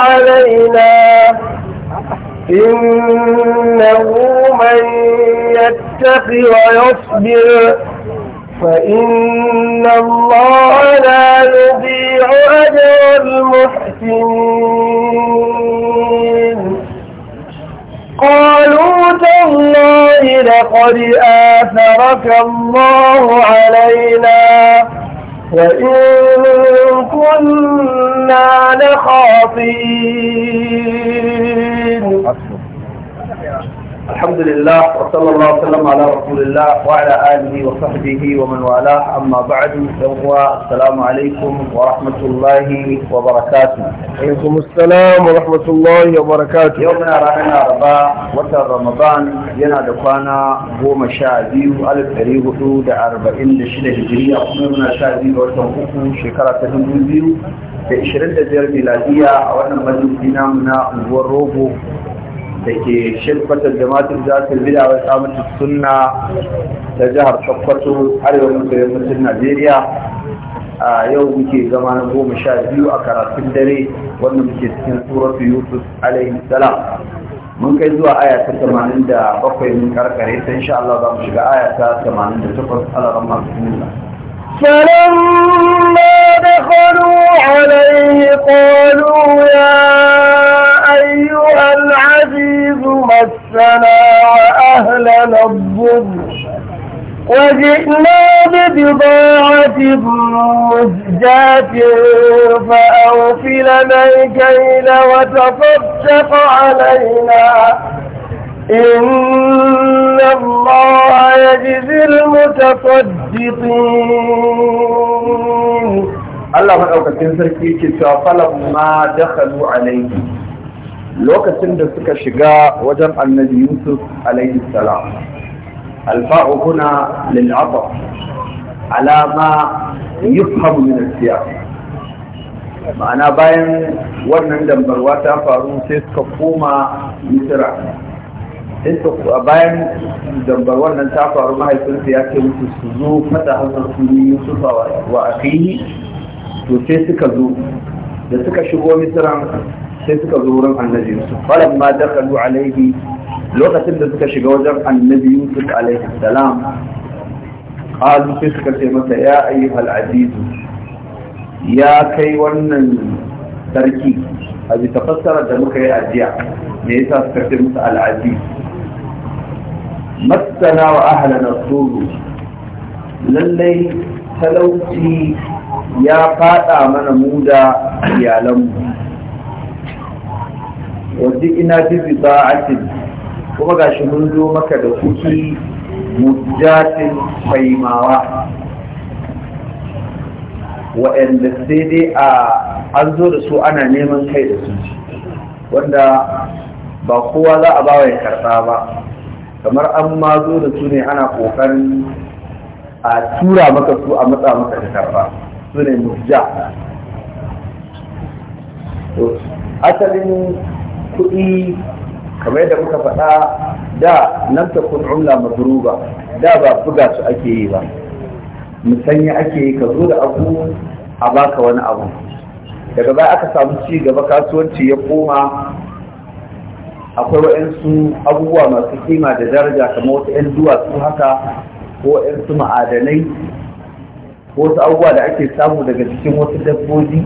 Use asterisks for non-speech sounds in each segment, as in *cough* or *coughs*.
علينا إنه من يتقي ويصبر فإن الله لا يضيع أجر المحسنين قالوا تالله لقد آثرك الله علينا وإن كنا لخاطئين الحمد لله وصلى الله وسلم على رسول الله وعلى آله وصحبه ومن والاه أما بعد فهو السلام عليكم ورحمة الله وبركاته عليكم السلام ورحمة الله وبركاته يومنا رانا ربا وتر رمضان ينا دقانا قوم شعبي ألف أريه حدود أربعين لشلة هجرية ومنا شعبي وتنقفوا شكرة تهندوزيو في 25 ميلادية أولا مجلسنا من أنجور روبو da ke shirfatar jama'atul zatul bid'a wa samun sunna da jihar Sokoto arewa maso yammacin Najeriya a yau muke zama na goma sha biyu a karatun dare wanda muke cikin suratu Yusuf alaihi salam mun kai zuwa aya ta 87 mun karkare sai insha Allah za mu shiga aya ta 88 Allah rahmatullahi فلما دخلوا عليه قالوا يا أيها العزيز مسنا وأهلنا الضر وجئنا ببضاعة مزجاة فأوفل الكيل وتصدق علينا إن الله يجزي المتصدقين الله أكبر أوقات تنسر كيكي سوى فلما دخلوا عليه lokacin da suka shiga wajen annabi yusuf alaihi salam alfa'u kuna lil'ataf alama yufhamu min al-siyaq ma'ana bayan wannan dambarwa ta faru sai suka koma misra bayan dambar wannan ta faru mahaifinsa ya ce musu su zo fata hasan su yusufa wa akhihi to sai suka zo da suka shigo misiran. sai suka zo wurin annabi yusuf falan ma dakhalu alaihi lokacin da suka shiga wajen annabi yusuf alaihi salam qalu sai suka ce masa ya ayyuhal aziz ya kai wannan sarki a bisa fassara da muka yi ajiya me yasa suka ce musu al'aziz masana wa ahlana suru lallai talauci ya fada mana mu da iyalanmu wadda ina bibi cikin kuma ga shi mun zo maka da kuki mujatin faimawa wa'anda sai dai a an zo da su ana neman kai da su wanda ba kowa za a bawa ya karɓa ba kamar an ma zo da su ne ana ƙoƙarin a tura maka su a matsa maka da karɓa su ne mujja asalin kuɗi kamar yadda muka faɗa da nan ta kun umla madruba da ba buga su ake yi ba musanya ake yi ka zo da abu a baka wani abu daga baya aka samu ci gaba kasuwanci ya koma akwai wa'ansu abubuwa masu kima da daraja kamar wasu 'yan duwatsu haka ko 'yansu ma'adanai ko wasu abubuwa da ake samu daga cikin wasu dabbobi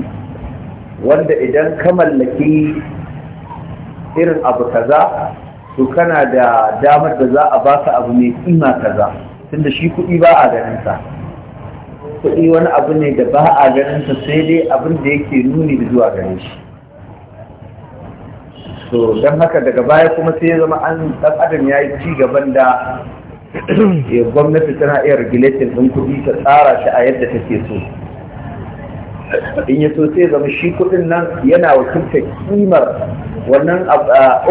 wanda idan ka mallake. irin abu kaza to kana da damar da za a baka abu mai kima kaza tunda shi kuɗi ba a ganin sa kuɗi wani abu ne da ba a ganin sa sai dai abin da yake nuni da zuwa gare shi to don haka daga baya kuma sai ya zama an dan adam ya yi ci gaban da *clears throat* gwamnati tana iya regulating din kuɗi ta tsara shi a yadda take so in ya so sai zama shi kuɗin nan yana wakilta kimar wannan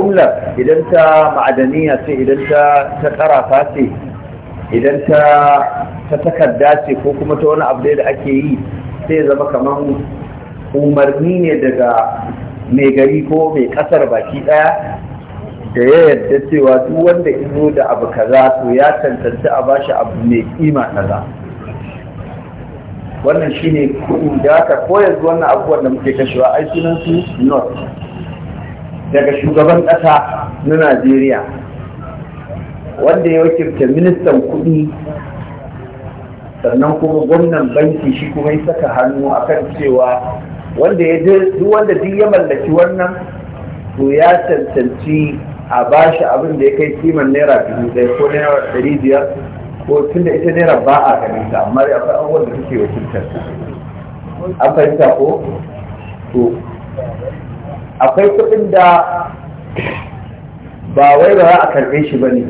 umlar idan ta ma'adaniya ce idan ta ta ce idan ta takarda ce ko kuma ta wani abu da ake yi sai zama kamar umarni ne daga mai gari ko mai kasar baki daya da ya yarda cewa duk wanda izo da abu kaza to ya tantance a bashi abu mai kima kaza. wannan shine kuɗi da aka koyar yanzu wannan abubuwan da muke kashewa ai sunan su not daga shugaban ƙasa na Najeriya wanda ya wakilta ministan kuɗi sannan kuma gwamnan banki shi kuma ya saka hannu akan cewa wanda ya je duk wanda duk ya mallaki wannan to ya cancanci a bashi abin da ya kai kiman naira dubu ɗaya ko naira ɗari biyar ko tunda ita naira ba a ganin ta amma ya fara abubuwan da suke wakiltar ta an fahimta ko to akwai kuɗin da ba wai ba za a karɓe shi ba ne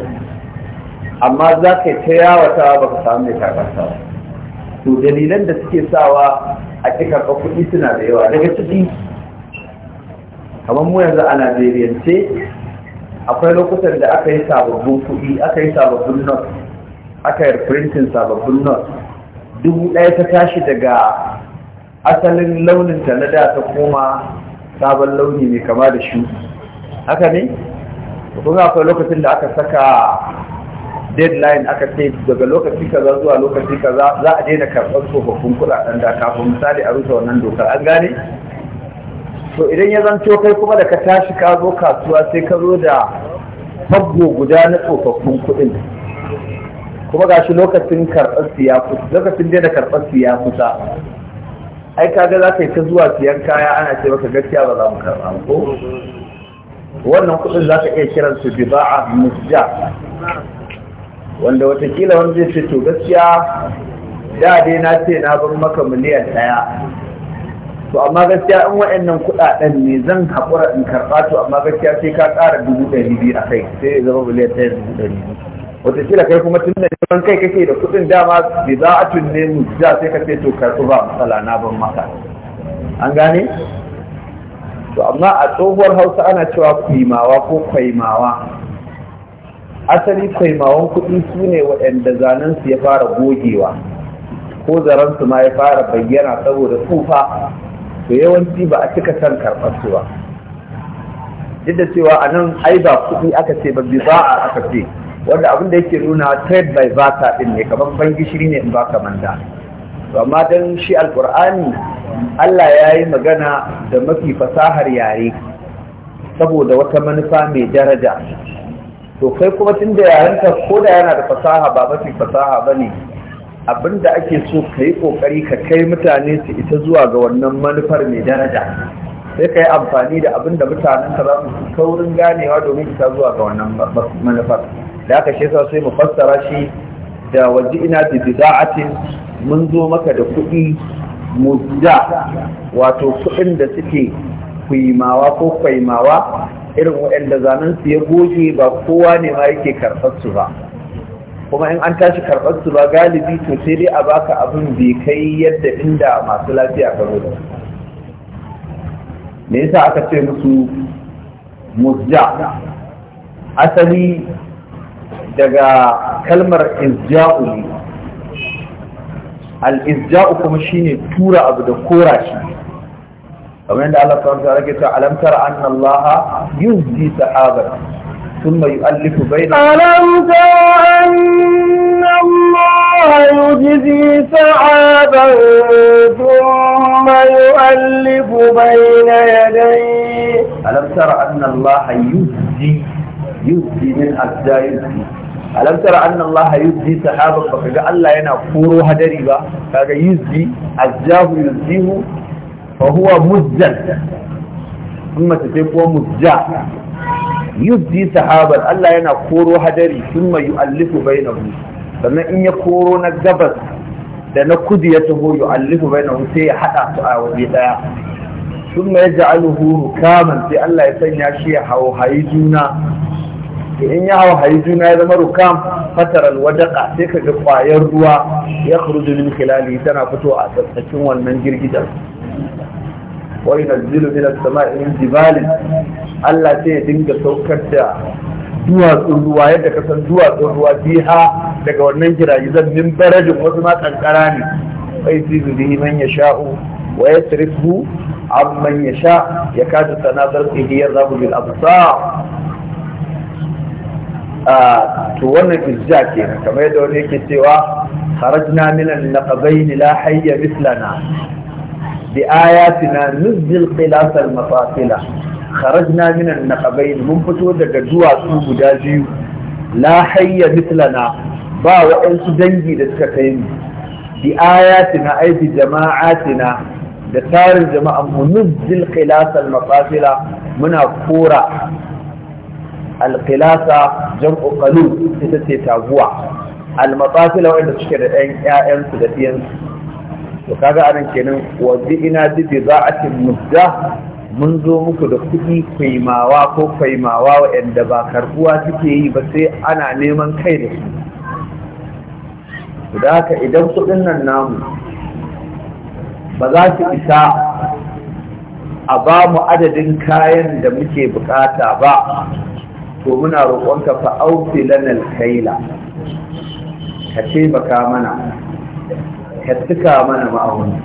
amma za ka yi ta ta ba ka samu mai karɓar ta to dalilan da suke sawa a ƙi karɓar kuɗi suna da yawa daga ciki kamar mu yanzu a ce, akwai lokutan da aka yi sababbin kuɗi aka yi sababbin notes aka yi printing sababbin not dubu ɗaya ta tashi daga asalin launin ta na da ta koma sabon launi mai kama da shu haka ne kun akwai lokacin da aka saka deadline aka ce daga lokaci kaza zuwa lokaci kaza za a daina karɓar tsofaffin kuɗaɗen da kafin misali a rusa wannan dokar an gane to idan ya zanto kai kuma da ka tashi ka zo kasuwa sai ka zo da fabbo guda na tsofaffin kuɗin kuma shi lokacin karɓar su kusa lokacin daina karɓar su ya kusa ai kaga za ka yi ta zuwa siyan kaya ana ce maka gaskiya ba za mu karɓa ko wannan kuɗin za ka iya kiran su bi ba'a musja wanda watakila wani zai ce to gaskiya da dai na ce na bar maka miliyan ɗaya to amma gaskiya in wa'annan kuɗaɗen ne zan haƙura in karɓa to amma gaskiya sai ka ƙara dubu ɗari biyu a kai sai ya zama miliyan ɗaya dubu ɗari biyu Wataƙila kai kuma tun da neman kai kake da kuɗin dama bi za a tunne mu za sai ka ce to karɓi ba matsala na ban maka an gane to amma a tsohuwar hausa ana cewa kwaimawa ko kwaimawa asali kwaimawan kuɗi su ne waɗanda zanensu ya fara gogewa ko zaransu ma ya fara bayyana saboda tsufa to yawanci ba a cika san karɓar su ba duk da cewa a nan ai ba kuɗi aka ce ba bi ba aka ce wanda abin da yake nuna trade by vata din ne kamar ban gishiri ne in baka manda to amma dan shi alqur'ani Allah ya yi magana da mafi fasahar yare saboda wata manufa mai daraja to kai kuma tun da yarenka ko da yana da fasaha ba mafi fasaha ba ne abinda ake so ka yi ƙoƙari ka kai mutane su ita zuwa ga wannan manufar mai daraja sai ka yi amfani da abinda mutanenka za su kaurin ganewa domin ita zuwa ga wannan manufar da aka shi sai mu fassara shi da waje ina da bida'atin mun zo maka da kuɗi mudda wato kuɗin da suke kuimawa ko kwaimawa irin waɗanda zanen su ya goge ba kowa ne ma yake karɓar su ba kuma in an tashi karɓar su ba galibi to sai dai a baka abin bai kai yadda inda masu lafiya ka zo da me yasa aka ce musu mudda asali daga kalmar izja'u ne al-izja'u kuma shine tura abu da kora shi kamar yadda Allah ta'ala ke cewa alam tara anna Allah yuzji thumma yu'allifu bayna alam tara anna Allah thumma yu'allifu bayna yadayhi alam tara anna Allah min azza alam tara anna Allah yuzzi sahaban baka ga Allah yana koro hadari ba kaga yuzzi azjahu yuzzihu fa huwa muzjan amma ta sai kuwa muzja yuzzi sahaban Allah yana koro hadari thumma yu'allifu bainahu sannan in ya koro na gabas da na kudu ya taho yu'allifu bainahu sai ya hada su a waje daya thumma yaj'aluhu rukaman sai Allah ya sanya shi ya hauhayi juna in ya hawa hari juna ya zama rukam fatar alwadaka sai ka ga kwayar ruwa ya khuruju min kilali, tana fito a tsakkin wannan girgijar wa yunzilu min as-sama'i jibalin Allah sai ya dinga saukar da duwatsun ruwa yadda ka san duwatsun ruwa biha daga wannan zan min barajin wasu ma kankara ne sai su bihi man yasha'u wa yasrifu amman ya yakadu sana zarfihi yarzabu bil absar to wannan ke kenan kamar yadda wani yake cewa kharajna min al-naqabayn la hayya mithlana bi ayatina nuzil qilas al-mafasila kharajna min al-naqabayn mun fito daga duwatsu guda biyu la hayya mithlana ba waɗansu dangi da suka kai mu bi ayatina ay bi jama'atina da tarin jama'an mu nuzil qilas al-mafasila muna kora alƙilasa Jan ƙalu ita ce taguwa almatsafila wanda suke da ɗan ƴaƴansu da ɗiyansu to kaga anan kenan wa ina bi biza'atin mudda mun zo muku da kuɗi faimawa ko faimawa waɗanda ba karɓuwa suke yi ba sai ana neman kai da su da haka idan kuɗin nan namu ba za su isa a ba mu adadin kayan da muke bukata ba to muna roƙonka fa auki lana alkaila ka taimaka mana ka tuka mana ma'auni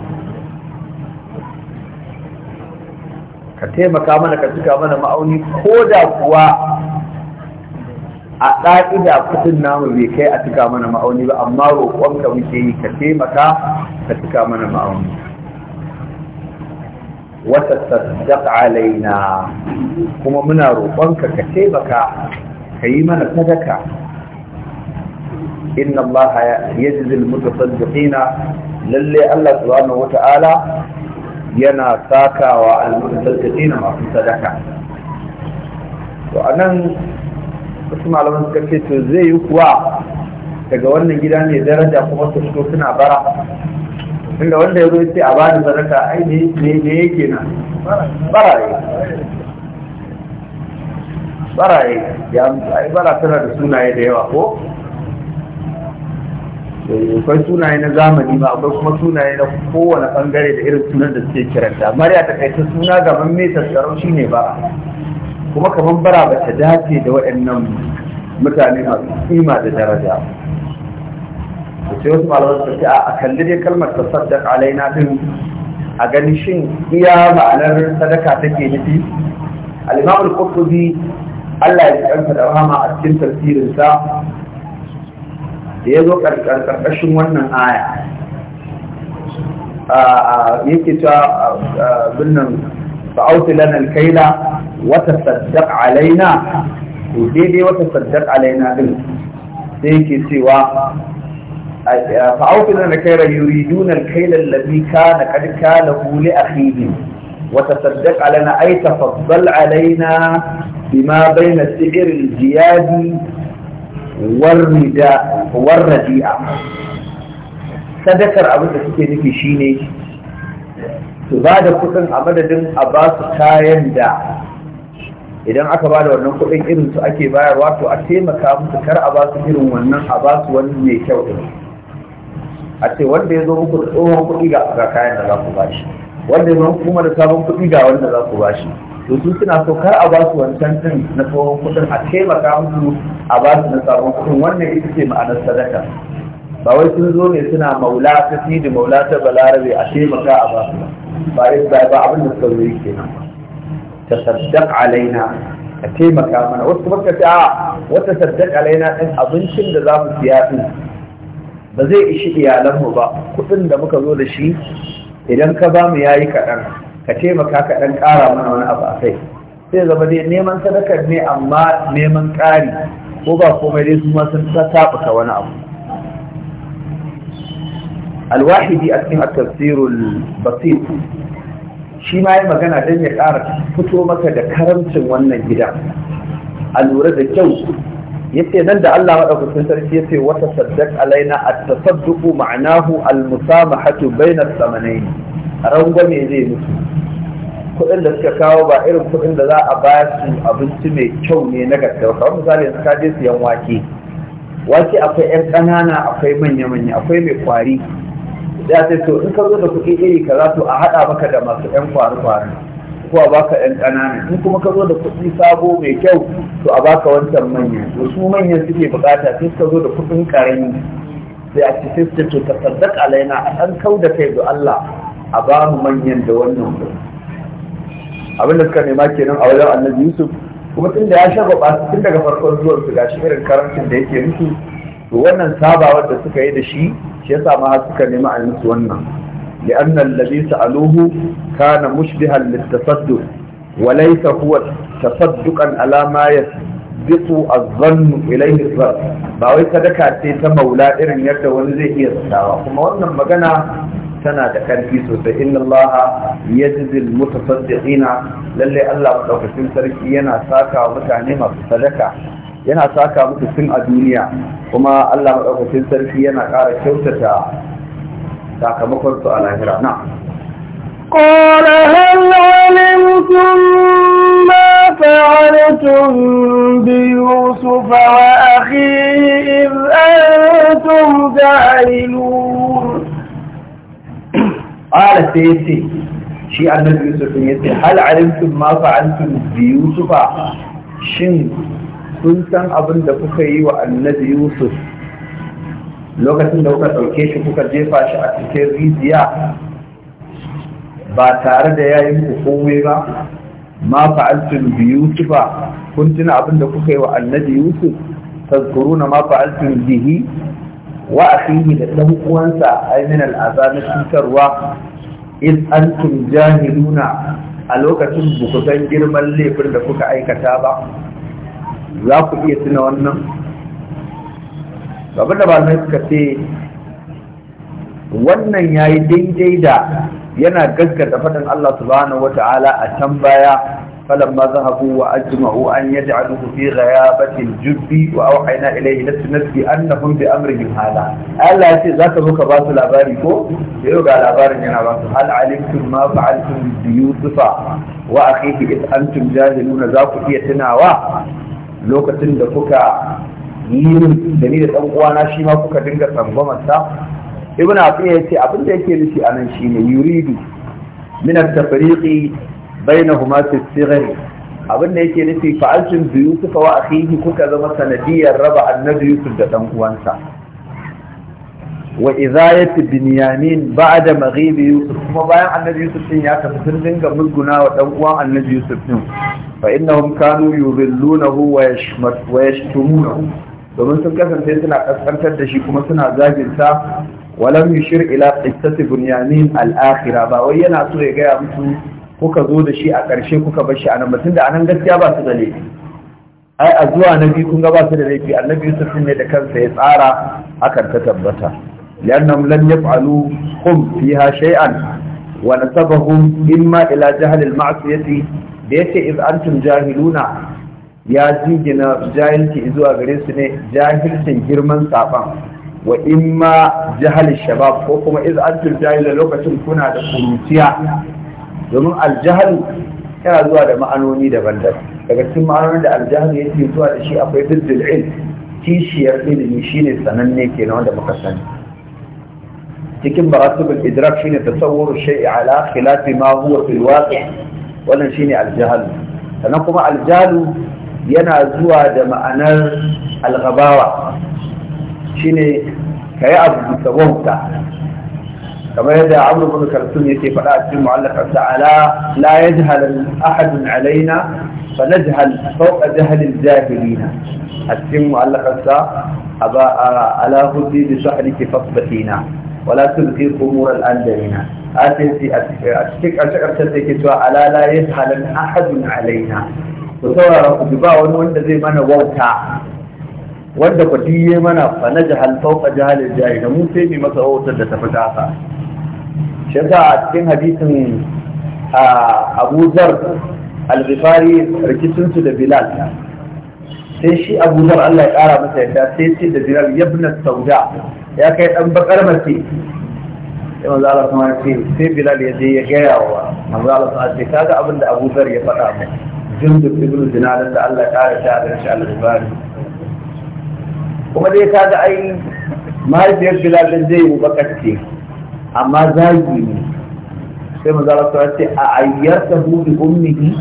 ka taimaka mana ka tuka mana ma'auni ko da kuwa a ɗa'ida kudin namu bai kai a tuka mana ma'auni ba amma roƙonka muke yi ka taimaka ka tuka mana ma'auni wata sassaƙ alaina kuma muna roƙonka ka ce baka ka mana sadaka inna Allah ya ji zilmuta sadduƙina lalle Allah tsohon wata'ala yana sakawa al-mutasaddiqina masu sadaka to anan wasu malaman suka ce to zai yi kuwa daga wannan gida ne daraja kuma su suna bara inda wanda ya zo ce a bani sadaka ai ne ne yake na baraye baraye ya ai bara tana da sunaye da yawa ko eh, akwai sunaye na zamani ba akwai kuma sunaye na kowane bangare da irin sunan da suke kiranta mariya ta kai ta suna gaban mai shi shine ba. kuma kamar bara ba ta dace da waɗannan mutane masu kima da daraja sai wasu malamai su ce a kalli dai kalmar tasaddaq alaina din a gani shin iya ma'anar sadaka take nufi al-imam al-qurtubi Allah ya karanta da rahama a cikin tafsirin sa da yazo karkashin wannan aya yake ta binnan fa'auti lana al-kaila wa tasaddaq alaina to daidai wata tasaddaq alaina din sai yake cewa فأوكل أن كير يريدون الكيل الذي كان قد كاله لأخيهم وتصدق علينا أي تفضل علينا بما بين السعر الجياد والرداء والرديء سدكر أبدا سكيني في شيني بعد كتن أبدا دم أباس كاين دا idan aka ba da wannan kudin irin su ake bayarwa to a taimaka musu kar a ba su irin wannan a ba su wani mai kyau din a ce wanda ya zo muku da tsohon kuɗi ga kayan da za ku ba shi wanda ya zo kuma da sabon kuɗi ga wanda za ku ba shi to su suna so kar a ba su wancan din na tsohon kuɗin a taimaka musu a ba su na sabon kuɗin wannan ita ce ma'anar sadaka ba wai sun zo ne suna maula ta da maula ta balarabe a taimaka a ba su ba ba ba abin da suka zo yake nan ta saddaq alaina ka taimaka mana wasu kuma ka ce a wata saddaq alaina din abincin da za mu siya din ba zai ishi iyalanmu ba kuɗin da muka zo da shi idan ka ba mu yayi kaɗan ka taimaka kaɗan ƙara mana wani abu a kai sai zama dai neman sadakar ne amma neman ƙari ko ba komai dai su sun ta wani abu alwahidi a cikin tafsirul basir shi ma yi magana don ya ƙara fito maka da karamcin wannan gida a lura da kyau yace nan da Allah madaukakin sarki yace wata saddaq alaina at-tasadduqu ma'nahu al-musamahatu bayna samanayn rangwame zai mutu kuɗin da suka kawo ba irin kuɗin da za a ba su abinci mai kyau ne na gaske kamar misali yanzu ka je siyan wake wake akwai 'yan ƙanana akwai manya-manya akwai mai kwari ya sai to in ka zo da kuɗi iri kaza to a haɗa maka da masu 'yan kwari-kwari ko a baka ɗan ƙanana in kuma ka zo da kuɗi sabo mai kyau to a baka wancan manya to su manyan suke bukata sai ka zo da kuɗin ƙarami sai a ci sai to ta alaina a ɗan kau da kai da Allah a ba mu manyan da wannan kuɗi abin da suka nema kenan a wajen annabi Yusuf kuma tun da ya shafa ba tun daga farkon zuwan su gashi irin karancin da yake musu to wannan sabawar da suka yi da shi shi yasa ma suka nema a musu wannan لأن الذي سألوه كان مشبها للتصدق وليس هو تصدقا على ما يسبق الظن إليه الظرف باوي كدكا تيتا مولا إرن يرد ونزي هي الساوة ثم وانا مغانا سنة كان في سوى إن الله يجزي المتصدقين للي الله وكفين سركينا ساكا ومتعنيما في صدقة yana saka muku tun a duniya kuma Allah maɗaukacin sarki yana ƙara kyautata sakamakon su a lahira na قال هل علمتم ما فعلتم بيوسف وأخيه إذ أنتم جاهلون *coughs* قال ce, shi annabi yusuf ya ce hal alimtum ma fa'altum bi yusufa shin kun san abin da kuka yi wa annabi yusuf lokacin da kuka ɗauke shi kuka jefa shi a cikin rijiya ba tare da yayin ku komai ba ma fa'altun bi ba, kun tuna abin da kuka yi wa annabi yusuf tazkuruna ma fa'altun bihi wa akhihi da ɗan uwansa a min al'azab cutarwa in antum jahiluna a lokacin bukutan girman laifin da kuka aikata ba za ku iya tuna wannan babu da malamai suka ce wannan ya yi daidai da yana gaskata faɗin Allah subhanahu wa ta'ala a can baya falon ma haku wa ajima'u an yi da alu ya batin jubi wa awa haina ilayi na sinaski an na hundi amurin hala Allah ya ce za ka ba su labari ko da yau ga labarin yana ba su hal alimtum ma fa'altum bi yusufa wa akhihi id antum jahiluna za ku iya tunawa lokacin da kuka yirin da ni da ɗan'uwana shi ma kuka dinga tsangwamarsa ibn afiya ya ce abin da yake nufi a nan shine yuridu min at-tafriqi bainahuma fi sighar abin da yake nufi fa'altum bi yusuf wa akhihi kuka zama sanadiyar raba annabi yusuf da ɗan uwansa wa izayati binyamin ba'da maghib yusuf kuma bayan annabi yusuf din ya tafi sun dinga muguna wa dan uwan annabi yusuf din fa innahum kanu yudhillunahu wa yashmat wa yashtumunahu domin sun kasance suna kaskantar da shi kuma suna zaginsa. walam yushir ila qissati bunyamin al-akhirah ba wai yana so ya gaya musu kuka zo da shi a ƙarshe kuka bar shi a nan da anan gaskiya ba su da laifi ai a zuwa na biyu kun ga ba su da laifi annabi yusuf ne da kansa ya tsara hakan ta tabbata li'annahum lam yaf'alu hum fiha shay'an wa nasabahum imma ila jahl al-ma'siyati da yace iz antum jahiluna ya jingina jahilci zuwa gare su ne jahilcin girman saban wa imma jahal shabab ko kuma iz antum jahila lokacin kuna da kuruciya domin aljahalu yana zuwa da ma'anoni daban-daban daga cikin ma'anonin da aljahal yake zuwa da shi akwai diddil ilm kishiyar ilimi shine sananne kenan wanda muka sani cikin maratibul idrak shine tasawwuru shay'i ala khilafi ma huwa fil waqi' wannan shine aljahal sannan kuma aljalu yana zuwa da ma'anar algabawa shine ka yi abu da wauta kamar yadda abu bin karsun yake faɗa a cikin mu'allaka ta'ala la yajhal ahadun alaina na najhal fawqa jahlil jahilina a cikin mu'allaka sa aba ala hudi bi sahriki na wala tubqi umur al andalina atin fi a cikin karshe karshe yake cewa ala la yajhal ahadun alaina ku saurara ku ba wani wanda zai mana wauta wanda ku diye mana fa na jahal fauka jahalin jahil da mu sai mai masa wautar da tafi kasa shi yasa a cikin hadisin Abu Zar al-Ghifari rikicin su da Bilal sai shi Abu Zar Allah ya kara masa yadda sai ce da Bilal yabna sauda ya kai dan bakar mace sai manzo Allah kuma ce sai Bilal ya je ya gaya wa manzo Allah ce, kaga abin da Abu Zar ya faɗa mai jundub ibn dinar da Allah ya kare a garin al kuma dai kaga ai mahaifiyar Bilal zai yi bakacce amma zagi ne sai mu Allah ta ce a ayyarta hu bi ummihi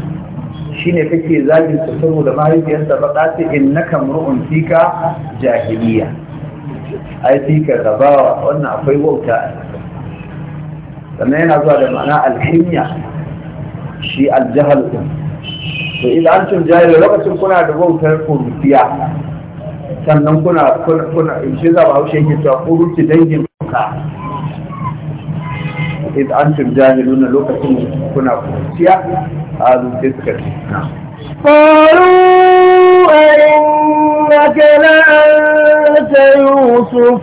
ne kake zagin saboda mahaifiyarsa baka ce na mur'un fika jahiliya ai fika gabawa wannan akwai wauta sannan yana zuwa da ma'ana alhinya shi aljahal to idan an cin jahili lokacin kuna da wautar kurufiya sannan kuna kuna shi za ba haushe ke cewa kuruci dangin ka idan an cin jahili na lokacin kuna kurufiya a zuce suka ce قالوا أئنك لأنت يوسف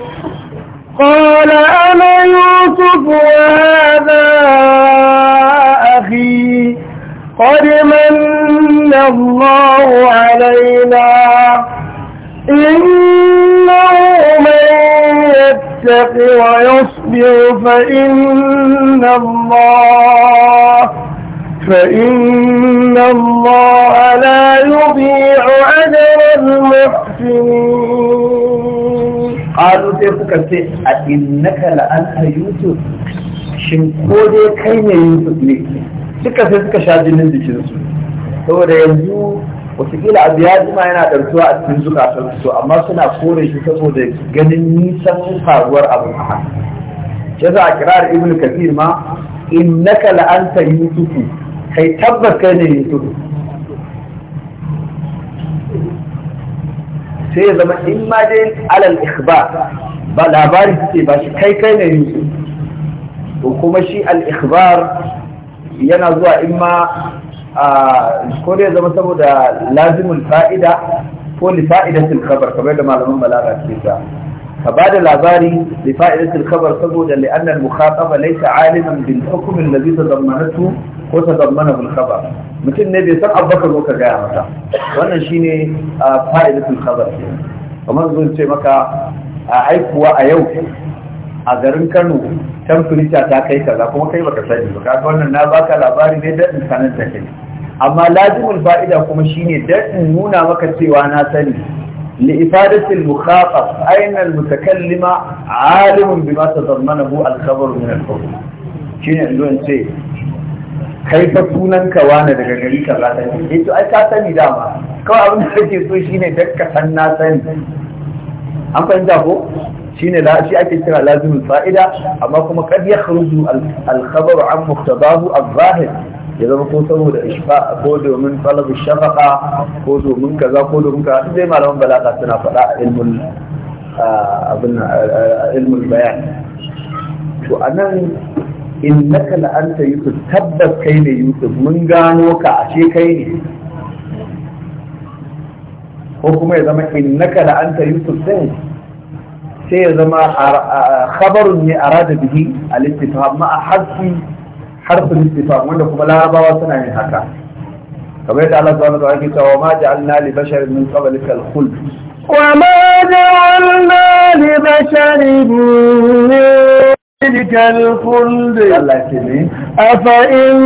قال أنا يوسف وهذا قد من الله علينا إنه من يتق ويصبر فإن الله فإن الله لا يضيع أجر المحسنين qalu sai suka ce a innaka la'anta anta yusuf shin ko dai kai ne yusuf ne duka sai suka sha jinin jikinsu saboda yanzu watakila abu ya jima yana ɗarsuwa a cikin zukatan su amma suna kore shi saboda ganin nisan faruwar abu haka ya za a kirar ibn kafir ma innaka la'anta yusufu kai tabbas kai ne yusufu sai ya zama in ma dai alal ikhbar ba labari ce ba shi kai kai ne yusuf to kuma shi al ikhbar yana zuwa in ma ko dai zama saboda lazimul fa'ida ko li fa'idatil khabar kamar da malaman balaga ke ka ba da labari li fa'idatul khabar saboda li anna al mukhataba laysa aliman bil hukm alladhi tadammanahu ko tadammanahu al khabar mutum ne bai san abubakar ko ka gaya mata wannan shine a fa'idatul khabar kamar zan ce maka a aikuwa a yau a garin Kano temperature ta kai kaza kuma kai baka sani ba kaga wannan na baka labari ne da insanin ta kai amma lazimin fa'ida kuma shine dadin nuna maka cewa na sani لإفادة المخاطب أين المتكلم عالم بما تضمنه الخبر من الحكم Shine يقولون ce. kai fa sunan ka wani daga gari ka za ta ce eh, to ai ka sani dama kawai abin da kake so shine dan ka san na sani an fahimta ko shine la shi ake kira lazimul fa'ida amma kuma kad yakhruju al-khabaru an muqtadahu al-zahir ya zama ko saboda ishfa ko domin talabu shafaqa ko domin kaza ko domin kaza sai malaman balaka suna faɗa a ilmin abin bayan to anan innaka la anta yusuf tabbas kai ne yusuf mun gano ka a ce kai ne ko kuma ya zama innaka la anta yusuf din sai ya zama khabarun ne arada bihi a al-istifham ma harfi harfin istifham wanda kuma larabawa suna yin haka kamar yadda Allah subhanahu wa ta'ala ke wa ma ja'alna li basharin min qablika al-khuld وما جعلنا لبشر من تلك الخلد أفإن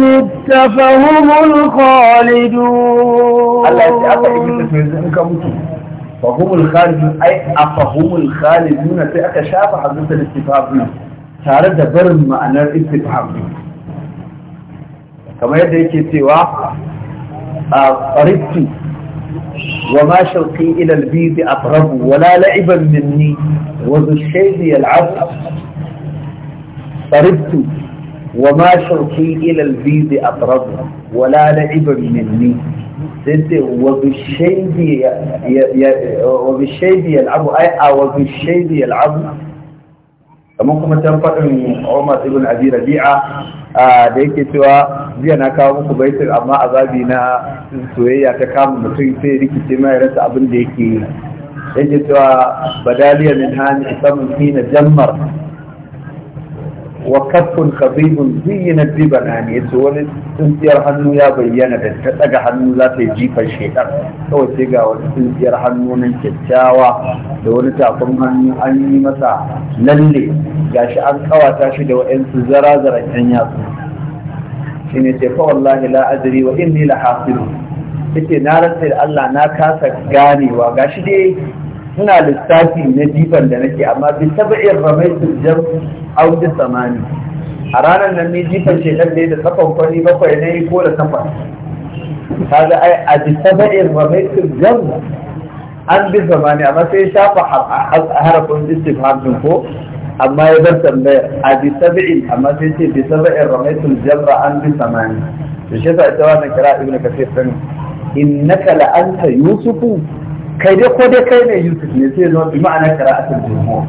مت فهم الخالدون فهم الخالدون أي أفهم الخالدون في أكا شافة حضرت الاستفهام تارد برم معنى الاستفهام كما يدعي كتوا آه، قربت وما شوقي إلى البيض أطرب ولا لعبا مني وذو الشيء يلعب saribtu wa ma shauki ila albizi atrabu wala la'iban minni sai sai wa wa wa kamar kuma can faɗin Umar ibn Abi Rabi'a da yake cewa jiya na kawo muku baitin amma azabi na soyayya ta kama mutum sai rikice mai rasa abin da yake yake cewa badaliya min hani isamun na jammar wa kaffun khabibun zuyinat bi banani yace wani tsintsiyar hannu ya bayyana da ta daga hannu za ta yi jifar shekar kawai sai ga wani tsintsiyar hannu nan kyakkyawa da wani tafin hannu an yi masa lalle gashi an kawata shi da wa'yansu zara zara yan yatsu shi ne ce wallahi la adri wa inni la hasiru yace na rantsa da Allah na kasa ganewa gashi dai suna lissafi na jifan da nake amma bi sab'in ramaitul jam aw bi samani a ranar nan ne jifan ce ne da kafan kwani bakwai ne ko da takwas kaga ai a bi sab'in ramaitul jam an bi samani amma sai shafa harafin istifham din ko amma ya bar tambayar a bi sab'in amma sai ce bi sab'in ramaitul jamra an bi samani to shi yasa ita wannan kira ibnu kasir din innaka la anta yusufu kai dai ko dai kai ne yusuf ne sai zo bi ma'ana qira'atul jumhur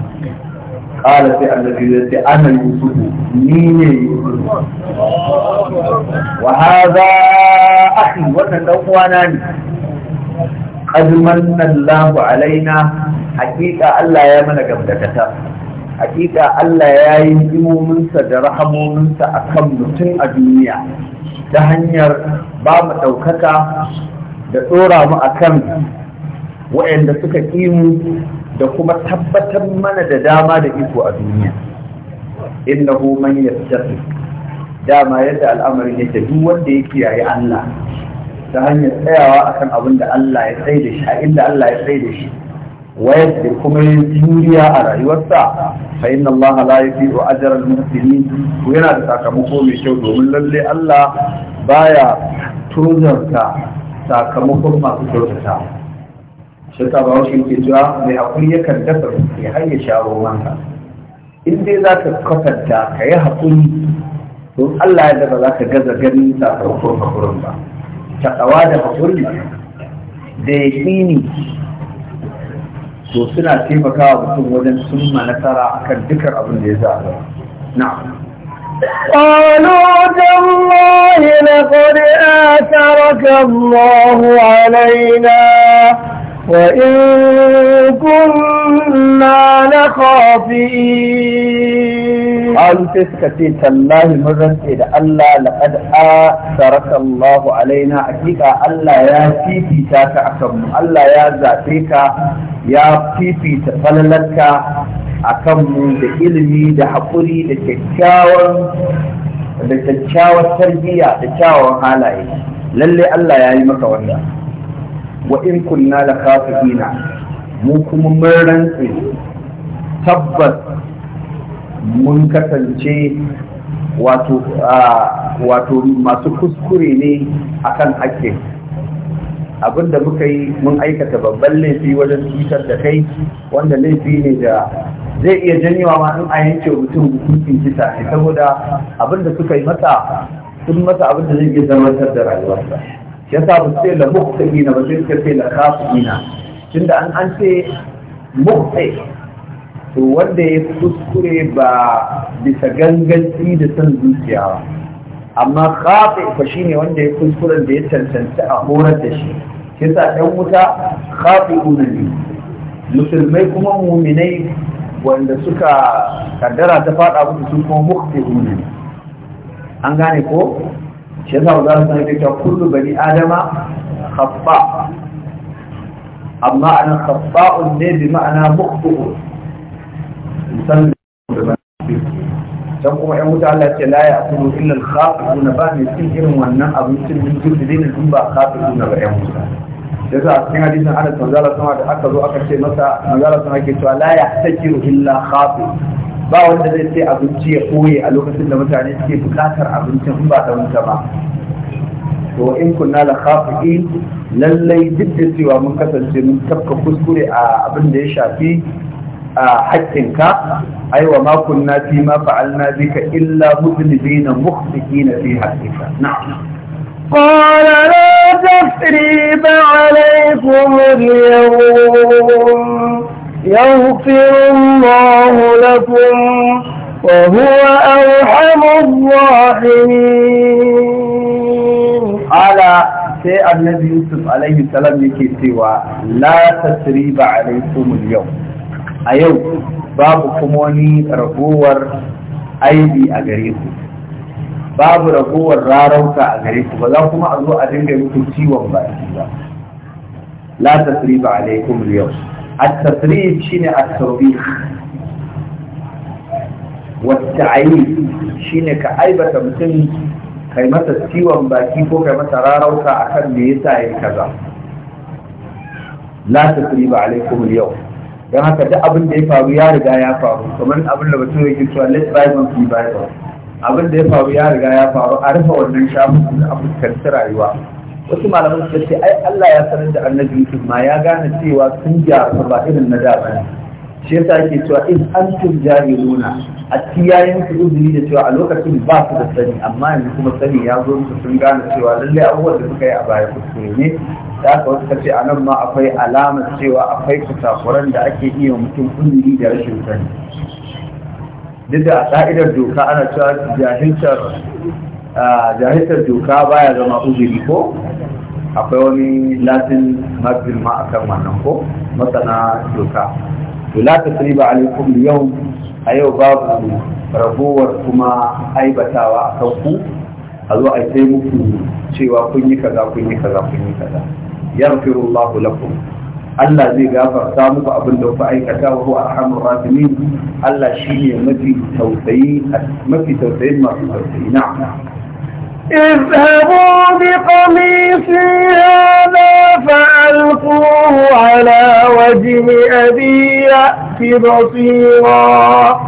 qala sai annabi ya ce ana yusuf ni ne yusuf wa hadha akhi wannan dan uwana ne qad manna Allahu alaina hakika Allah ya mana gamdakata hakika Allah ya yi hikimominsa da rahamominsa a kan mutum a duniya ta hanyar ba mu ɗaukaka da ɗora mu a kan waɗanda suka kimu da kuma tabbatar mana da dama da iko a duniya innahu man yattaqi dama yadda al'amarin yake duk wanda ya kiyaye Allah ta hanyar tsayawa akan abin da Allah ya tsaye da shi a inda Allah ya tsaye da shi wayar da kuma yin juriya a rayuwarsa fa inna Allah la yudiu ajra al-muhsinin ko yana da sakamako mai kyau domin lalle Allah baya tozarta sakamakon masu kyautata shi ta ba shi ke cewa mai hakuri yakan dafa ya hanyar ya sha in dai za ka kwatanta ka yi hakuri to Allah ya dafa za ka gaza ganin sakamakon hakurin ba ta tsawa da hakuri da yaƙini to suna taimakawa mutum wajen cimma nasara kan dukkan abin da ya zaɓa na'am قالوا تالله لقد آثرك الله علينا وإن كنا لخاطئين قالوا تسكتي تالله مرن إذا الله لقد آثرك الله علينا حقيقة الله يا فيفي تاكا أكم الله يا ذاتيكا يا فيفي تفللتك أكم بإلمي بحقري بكتاوان da kyakkyawar tarbiyya da kyawun halaye lalle Allah ya yi maka wannan wa in kunna la khafina mu kuma mun rantse tabbas mun kasance wato wato masu kuskure ne akan hakkin abinda muka yi mun aikata babban laifi wajen cutar da kai wanda laifi ne da zai iya janyewa ma in a yanke mutum hukuncin kisa ne saboda abinda suka yi masa sun masa abinda zai iya zartar da rayuwarsa ya sa ba sai la muqtaqi na ba sai ce la kafina tunda an an ce to wanda ya kuskure ba bisa ganganci da san zuciya ba amma khafi ba shine wanda ya kuskure da ya cancanta a horar da shi yasa ɗan wuta kafi unani. musulmai kuma muminai wanda suka kaddara ta faɗa musu su kuma unani. an gane ko shi yasa za su sanar ta kullu bani adama khaffa amma ana khaffa'un ne bi ma'ana mukhfu san dan kuma ƴan wuta Allah ce la ya'kulu illa al-khafirun ba ne cin irin wannan abincin min jirgin din ba khafirun ba ƴan wuta yasa a cikin hadisin Anas manzala sama da aka zo aka ce masa manzala sama ke cewa la ya'takiru illa khafirun ba wanda zai sai abinci ya koye a lokacin da mutane suke bukatar abincin ba da wanda ba to in kunna la khafi lallai duk da cewa mun kasance mun tafka kuskure a abin da ya shafi a haƙƙinka ai wa ma kunna fi ma fa'alna bika illa mudnibina mukhtiqina fi haqqika na'am قال لا تثريب عليكم اليوم يغفر الله لكم وهو أرحم الراحمين على سيء النبي يوسف عليه السلام يكي سوى لا تسريب عليكم اليوم أيوه بابكم وني رغور aibi a gare ku babu ragowar rarauka a gare ku ba za kuma a zo a dinga muku ciwon baki ba la tasriba alaikum yau التطريب شين التوبيخ والتعيب شين كأيبة مثل كلمة السيوة باكيكو كلمة راروك أكد ليسا كذا لا تطريب عليكم اليوم don haka duk abin da ya faru ya riga ya faru kamar abin da mutum yake cewa let bible be bible abin da ya faru ya riga ya faru a rufe wannan shafin a fuskanci rayuwa wasu malaman suka ce ai Allah ya sanar da annabi Yusuf ma ya gane cewa sun gyara ba irin na da ba shi yasa yake cewa in antum jahiluna a tiyayen su uzuri da cewa a lokacin ba su da sani amma yanzu kuma sani ya zo su sun gane cewa lallai abubuwan da suka yi a baya kuskure ne da aka wasu kace a nan ma akwai alamar cewa akwai kusakuran da ake iya mutum uzuri da rashin sani duk da a ka'idar doka ana cewa jahilcar jahitar doka baya zama uzuri ko akwai wani latin magzin ma a kan wannan ko masana doka to la ta alaikum yau a yau babu ragowar kuma aibatawa a kan ku a zo a sai muku cewa kun yi kaza kun yi kaza kun yi kaza yaghfirullahu lakum Allah zai gafarta muku abin da ku aikata wa huwa arhamur rahimin Allah shine mafi tausayi tausayin masu tausayi na'am اذهبوا بقميصي هذا فألقوه على وجه أبي يأتي بصيرا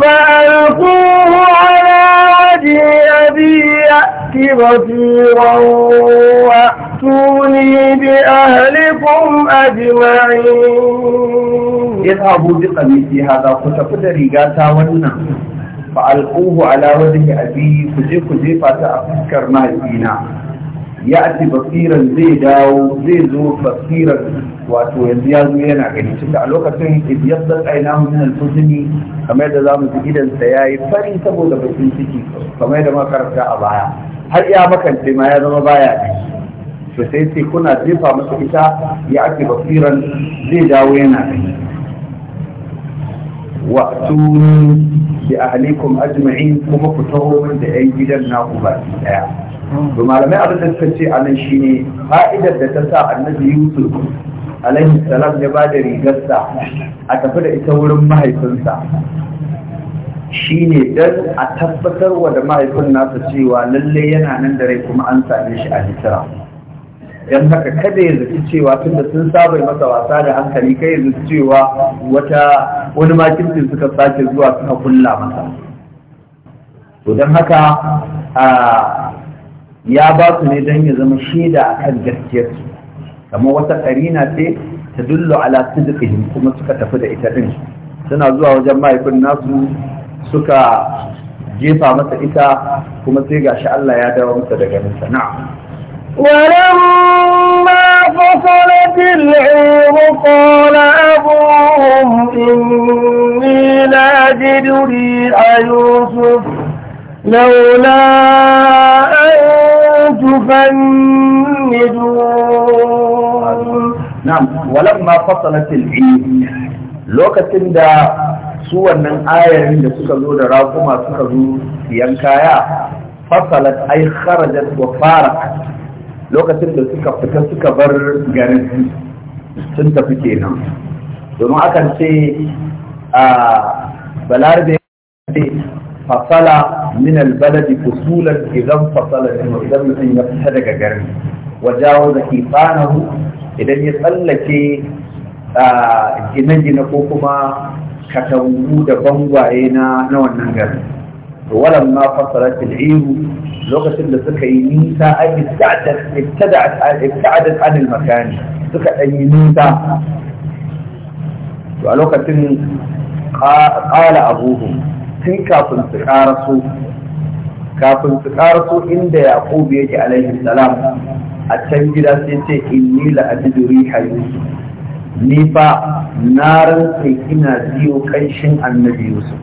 فألقوه على وجه أبي يأتي بصيرا وأتوني بأهلكم أجمعين اذهبوا بقميصي هذا فتفت رجالتا ونعم fa’alƙuhu alawar da ke abiyi ku je ku jefa ta a fuskar mahaifina ya ake basiran zai dawo zai zo wato yanzu ya zo yana gani tun da a lokacin ibiyar da tsaina min alfuzini kamar da za mu ji idan sa ya yi fari saboda bakin ciki kamar da makaranta a baya har 'ya makance ma ya zama baya ne to sai sai kuna jefa masa ita ya ake basiran zai dawo yana gani wa'tuni bi ahlikum ajma'in kuma ku taho min da yan gidan naku ba ki malamai abin da suka ce anan shine fa'idar da ta sa annabi yusuf alaihi ya ba da rigarsa a tafi da ita wurin mahaifinsa shine dan a tabbatar wa da mahaifin nasa cewa lallai yana nan da rai kuma an same shi a hijira Yan haka kada ya zaki cewa tunda sun saba masa wasa da hankali kai ya cewa wata wani makircin suka sake zuwa suka kulla masa to don haka ya ba su ne don ya zama shaida a kan su, kamar wata ƙarina ce ta dullo ala sidiqihim kuma suka tafi da ita din suna zuwa wajen mahaifin nasu suka jefa masa ita kuma sai gashi Allah ya dawo masa da ganin sana'a ولما فصلت العير قال أبوهم إني لا أجد لي أيوسف لولا أن تفندون نعم ولما فصلت العير لوكا تندى سوى من آية من سوكا زودة راكما سوكا زودة فصلت أي خرجت وفارقت lokacin da suka fita suka bar garin sun tafi kenan domin akan ce a balarabe fasala min albaladi fusulan idan fasala ne idan mutum ya fita daga garin wajawo da kifanahu idan ya tsallake gine-gine ko kuma katangu da bangwaye na wannan garin walamma fasalat al'iru lokacin da suka yi nisa a ibtada'at anil makani suka dan yi nisa to a lokacin ƙala abubuwan, tun kafin su karaso kafin su karaso inda yaqub yake alaihi salam a can gida sai ce in la ajidu riha yusuf ni fa na rantsa ina biyo ƙanshin annabi yusuf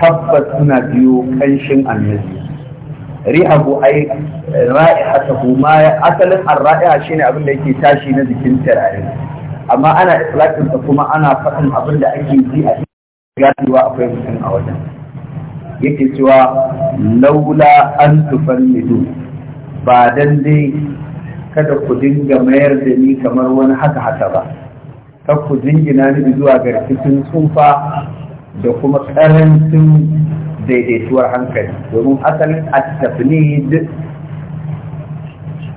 tabbas suna biyo kanshin annabi rihabu ai ra'ihatahu ma asalin ar-ra'iha shine abin da yake tashi na jikin tarare amma ana itlaqin kuma ana faɗin abin da ake ji a gaduwa akwai mutum a wajen yake cewa laula an tufallidu ba dan dai kada ku dinga mayar da ni kamar wani haka haka ba kar ku jingina ni zuwa ga tsufa da kuma karancin daidaituwar hankali domin asalin at-tafnid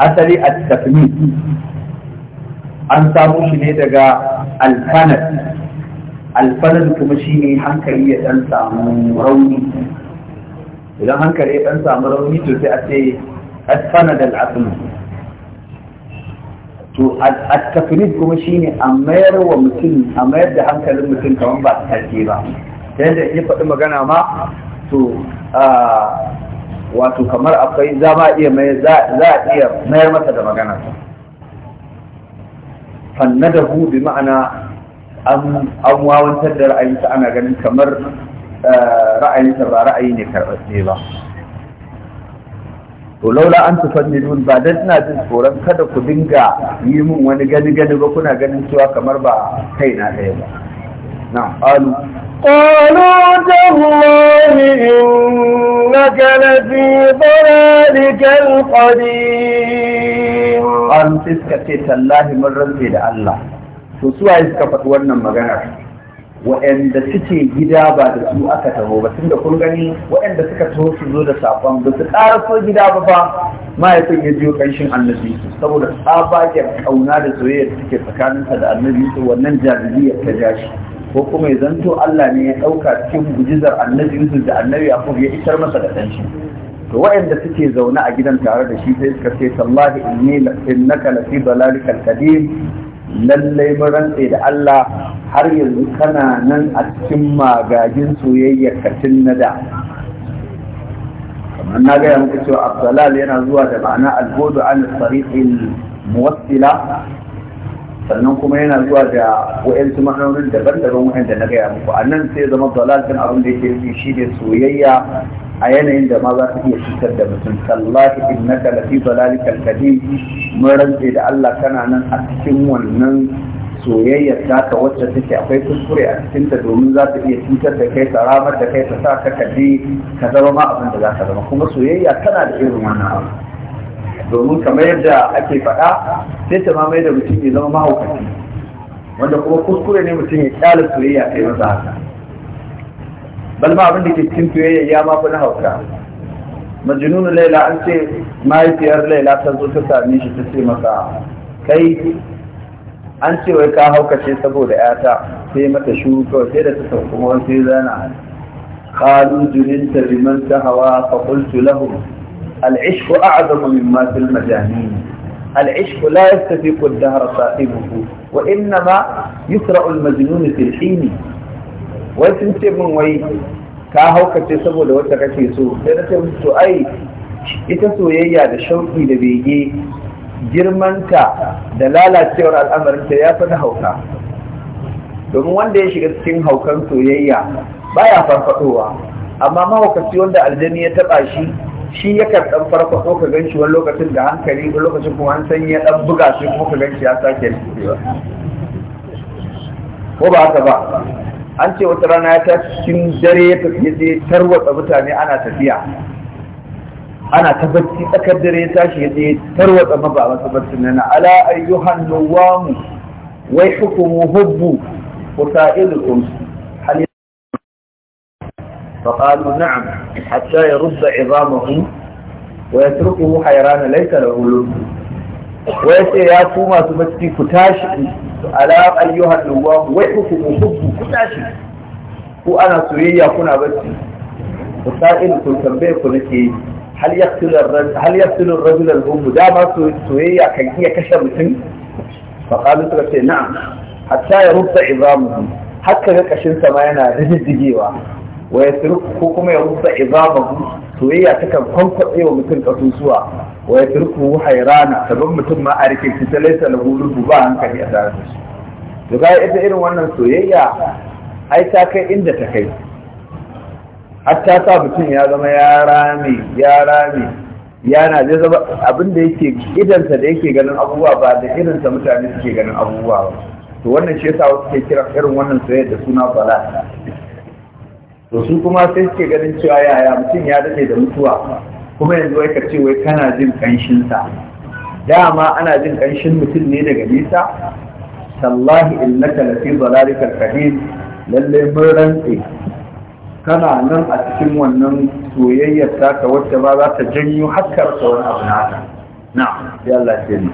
asali at-tafnid an samu shi ne daga alfanat alfanat kuma shi ne hankali ya dan samu rauni idan hankali ya dan samu rauni to sai a ce alfanat al-aql to at-tafnid kuma shine a mayar wa mutum a mayar da hankalin mutum kamar ba ta ba ta yadda in ya faɗi magana ma to wato kamar akwai za a iya mayar, za a iya mayar masa da magana da bi ma'ana an wawantar da ra'ayinsa ana ganin kamar ra'ayinsa ba ra'ayi ne karɓaɓɓe ba to laula an dun ba don ina jin tsoron kada ku dinga yi min wani gani gani ba kuna ganin cewa kamar ba kai na ɗaya ba نعم قالوا قالوا تالله إنك لفي ضلالك القديم قالوا تسكت تالله من رزق الله to su waye suka faɗi wannan maganar, waɗanda suke gida ba da su aka taho ba tunda kun gani waɗanda suka taho su zo da saƙon ba su ƙaraso gida ba fa mahaifin ya biyo ƙanshin annabi su saboda tsabagen ƙauna da soyayya da suke tsakaninsa da annabi wannan jahiliyar ta ja shi ko kuma ya zanto Allah ne ya ɗauka cikin mujizar annabi Yusuf da annabi Yakub ya isar masa da ɗan shi to waɗanda suke zaune a gidan tare da shi sai suka ce tallahi inni innaka lafi dalalikal qadim lallai mun rantse da Allah har yanzu kana nan a cikin magagin soyayyar katin na kamar na gaya muku cewa abdalal yana zuwa da ma'ana albodu an tsariƙin muwassila sannan kuma yana zuwa da wa'yansu ma'anonin daban-daban wa'yanda na gaya muku a nan sai zama dalal abin da yake nufi shi ne soyayya a yanayin da ma za ta iya cutar da mutum sallahi innaka lafi dalalikal kadim mun rantse da Allah kana nan a cikin wannan soyayyar taka wacce take akwai kuskure a cikin ta domin za ta iya cutar da kai karamar da kai ta sa ka kaje ka zama ma abin da za ka zama kuma soyayya tana da irin wannan abu domin kamar yadda ake faɗa sai ta mamaye da mutum ya zama mahaukaci wanda kuma kuskure ne mutum ya kyala soyayya kai masa haka bal ma abin da ke cikin soyayya ya ma na hauka majnunu laila an ce mahaifiyar laila ta zo ta sami shi ta ce masa kai an ce wai ka haukace saboda yata sai mata shuru kawai sai da ta sauko kuma sai zana qalu juninta liman hawa fa qultu lahum العشق أعظم مما في المجانين العشق لا يستفيق الدهر صاحبه وإنما يسرع المجنون في الحين ويسمت من وي كاهو كتسبو لو تكتسو سنتمت أي ita soyayya da shauƙi da bege girmanta da lalacewar al'amarinta ya fi hauka domin wanda ya shiga cikin haukan soyayya baya farfaɗowa. amma mahaukaci wanda aljani ya taɓa shi shi yakan dan ko ka ganshi wani lokacin da hankali ko lokacin kuma an san ya dan buga shi kuma ka ganshi ya sake rikewa ko ba haka ba an ce wata rana ya ta cikin dare ya tafi je tarwatsa mutane ana tafiya ana ta bacci tsakar dare ya tashi ya je tarwatsa maba wasu bacci na ala ayyuhan nuwamu wai hukumu hubbu wasailukum فقالوا نعم حتى يرد عظامه ويتركه حيران ليس له لب ويسي يا توما تبتكي كتاش على أيها النواب ويحفو مصب كتاش وأنا سويا كنا بس وسائل كل تنبيه كل شيء هل يقتل الرجل هل يقتل الرجل الهم دا ما سويا كي كشف سن فقالوا تبتكي نعم حتى يرد عظامه حتى كشف سماينا رجل دجيوه wa yasruku ko kuma ya rusa izamahu soyayya ta kan kwankwaɗe wa mutum kasusuwa wa yasruku hairana sabon mutum ma a rike shi talaita na gudu ba hankali a tare da shi to ga ita irin wannan soyayya ai ta kai inda ta kai ta sa mutum ya zama ya rame ya rame yana zai zama abin da yake idansa da yake ganin abubuwa ba da irinsa mutane suke ganin abubuwa ba to wannan shi yasa wasu ke kira irin wannan soyayya da suna bala to su kuma sai suke ganin cewa yaya mutum ya dade da mutuwa kuma yanzu wai ka ce wai kana jin sa dama ana jin kanshin mutum ne daga nisa tallahi innaka lafi zalalika qadim lalle mun rantse kana nan a cikin wannan soyayyar taka wacce ba za ta janyo hakkar ka wani abu na haka na'am ya Allah ya ce ni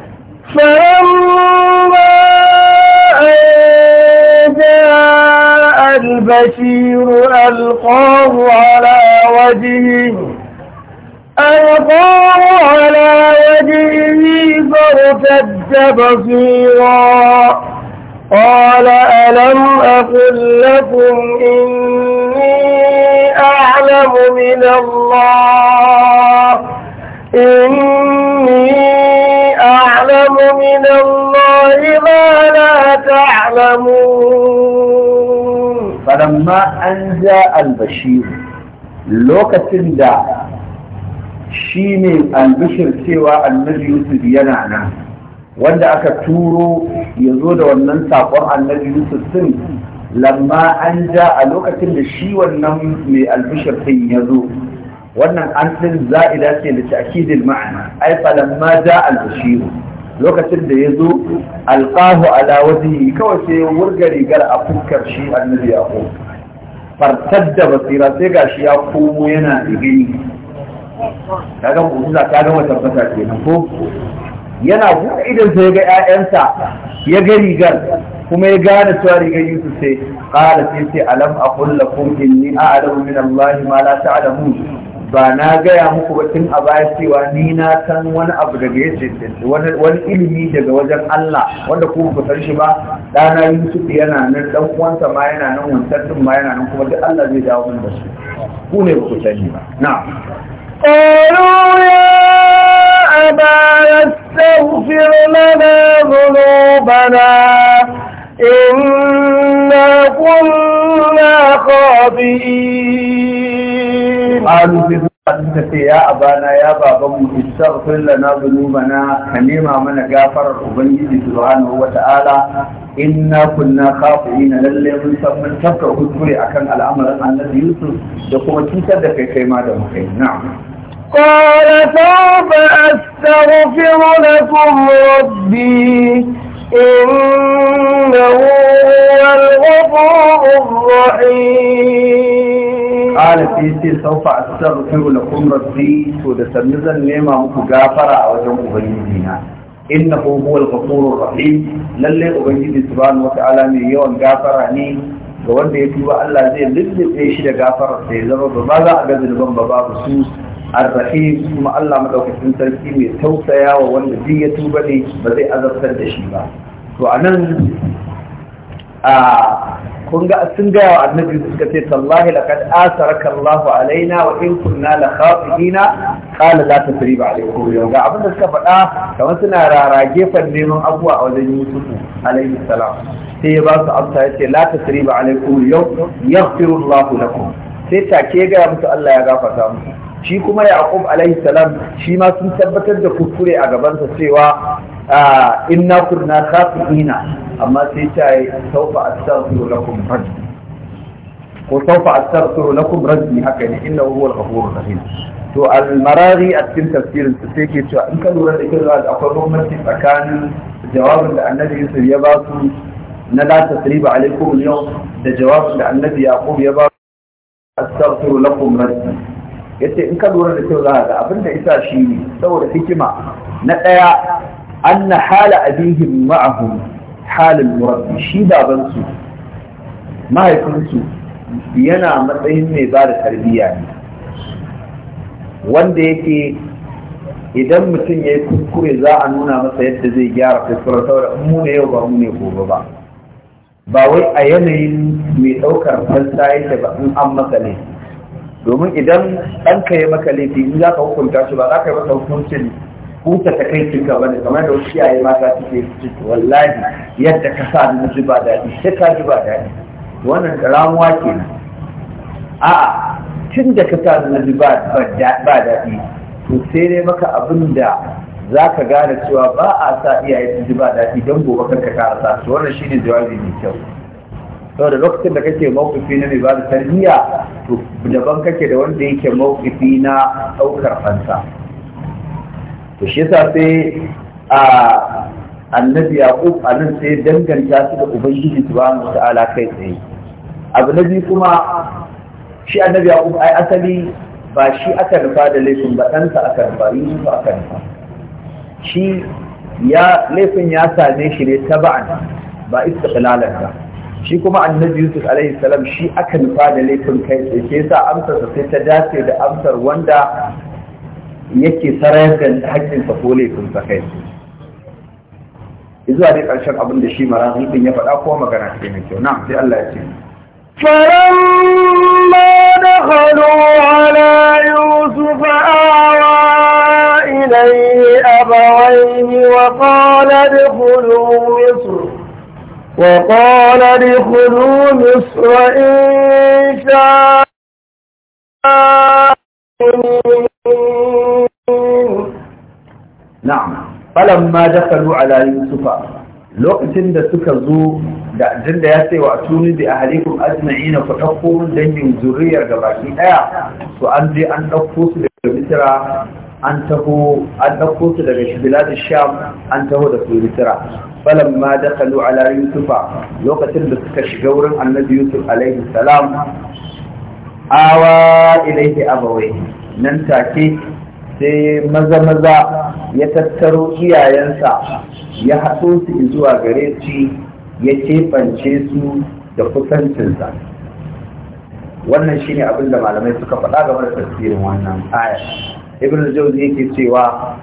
جاء البشير ألقاه على وجهه ألقاه على وجهه فارتد بصيرا قال ألم أقل لكم إني أعلم من الله إني أعلم من الله ما لا تعلمون فلما أنزى البشير لوك تندى شيني البشر سوى النبي يوسف ينعنا وندى أكتورو يزود ونن ساقر النبي يوسف سن لما أنزى لوك تندى شي ونم البشر سيزود wannan an za'i za'ida ce da ta'kidil ma'ana ai falamma ja al-bashir lokacin da yazo alqahu ala wajhihi kawai sai wurga rigar a fuskar shi annabi yaqub fartadda basira sai gashi ya komo yana digini kaga mu'jiza ta ga wata tabbata kenan ko yana buɗe idan sai ga ƴaƴansa ya ga rigar kuma ya gane cewa rigar Yusuf sai qala sai sai alam aqul lakum inni a'lamu min Allah ma la ta'lamun ba na gaya muku ba tun a baya cewa ni na san wani abu daga ya ce wani ilimi daga wajen Allah wanda kuma ba san shi ba dana Yusuf yana nan dan uwansa ma yana nan wancan din ma yana nan kuma duk Allah zai dawo min da su ku ne ku sani ba na قالوا يا أبا يستغفر لنا ذنوبنا إنا كنا خاطئين قالوا في suka ce ya abana ya babanmu istaghfir lana dhunubana ka nema mana gafarar ubangiji subhanahu wata'ala inna kunna khafiin lalle mun san mun tafka akan al'amarin annabi yusuf da kuma cutar da kai kai ma da mukai na'am قال سوف أستغفر لكم ربي إنه هو الغفور الرحيم قال سيسي سوف أستغفر لكم ربي سودسمزا لما مكغافر أوجم أبيدينا إنه هو الغفور الرحيم للي أبيدي سبحانه وتعالى من يوم غافرني ga wanda ya tuba Allah zai lullube shi da gafarar sai zama ba za a ga zunuban ba babu su arrahim kuma Allah madaukakin sarki mai tausaya wa wanda duk ya tuba ne ba zai azabtar da shi ba to anan a kun sun ga wa annabi suka ce tallahi laqad asaraka Allah alaina wa in kunna la khafiina qala la tasriba alaykum yau ga abin da suka faɗa kamar suna rara gefen neman abuwa a wajen Yusuf alayhi salam sai ya basu su amsa ya ce la tasriba alaykum yau yaghfiru Allah lakum sai take gaya musu Allah ya gafarta musu shi kuma yaqub alayhi salam shi ma sun tabbatar da kuskure a gaban sa cewa inna kunna khafiina amma sai ta yi saufa astaghfiru lakum rabbi ko saufa astaghfiru lakum rabbi haka ne inna huwa al-ghafurur rahim to al-marari a cikin tafsirin sa sai ke cewa in ka lura da kira da akwai bambanci tsakanin jawabin da annabi Yusuf ya ba su na la tasriba alaykum al-yawm da jawabin da annabi Yaqub ya ba astaghfiru lakum rabbi ya ce in ka lura da kyau za a ga abin da isa shi ne saboda hikima na ɗaya an na hala abihim ma'ahum halin murabbi shi babansu mahaifinsu yana matsayin mai ba da tarbiyya ne wanda yake idan mutum ya yi kuskure za a nuna masa yadda zai gyara kuskure saboda in mu ne yau ba mu ne gobe ba ba wai a yanayin mai ɗaukar fansa yake ba in an masa ne domin idan ɗan ka yi maka laifi in za ka hukunta shi ba za ka yi masa hukuncin huta ta kai cinka ba ne kamar da wasu iyaye mata suke ciki wallahi yadda ka sa ni ji ba daɗi sai ka ji ba daɗi wannan ramuwa ke a'a tun da ka sa ni ji ba daɗi to sai dai maka abin da za ka gane cewa ba a sa iyaye su ji daɗi don gobe kan ka kara sa su wannan shine jawabi mai kyau da lokacin da kake mawkifi na mai ba da tarbiyya to daban kake da wanda yake mawkifi na ɗaukar fansa to shi yasa sai a annabi yaqub anan sai danganta su da ubangiji subhanahu ta'ala kai tsaye abu na kuma shi annabi yaqub ai asali ba shi aka rufa da laifin ba ɗansa aka rufa yusuf aka rufa shi ya laifin ya same shi ne taba'an ba istiqlalan ba shi kuma annabi yusuf alaihi salam shi aka nufa da laifin kai sai ke sa amsarsa sai ta dace da amsar wanda yake sarayar da haƙƙinsa ko laifinsa kai zuwa dai ƙarshen abin da shi marazin ya faɗa ko magana ta mai kyau na sai Allah ya ce فلما دخلوا على يوسف آوى إليه أبويه وقال ادخلوا مصر وقال لخذوا مصر إن شاء نعم فلما دخلوا على يوسف lokacin da suka zo da da ya ce wa a tuni da ahalikum ajma'ina ku ɗauko dangin zuriyar gabaki ɗaya to an je an ɗauko su daga misira an taho an ɗauko su daga shibilad sham an taho da su misira falan ma dakalu ala yusufa lokacin da suka shiga wurin annabi yusuf alaihi salam awa ilaihi abawai nan take sai maza maza ya tattaro iyayensa ya haɗo su zuwa gare shi ya keɓance su da kusancinsa wannan shine abin da malamai suka faɗa game da tasirin wannan ayar ibn al-jawzi yake cewa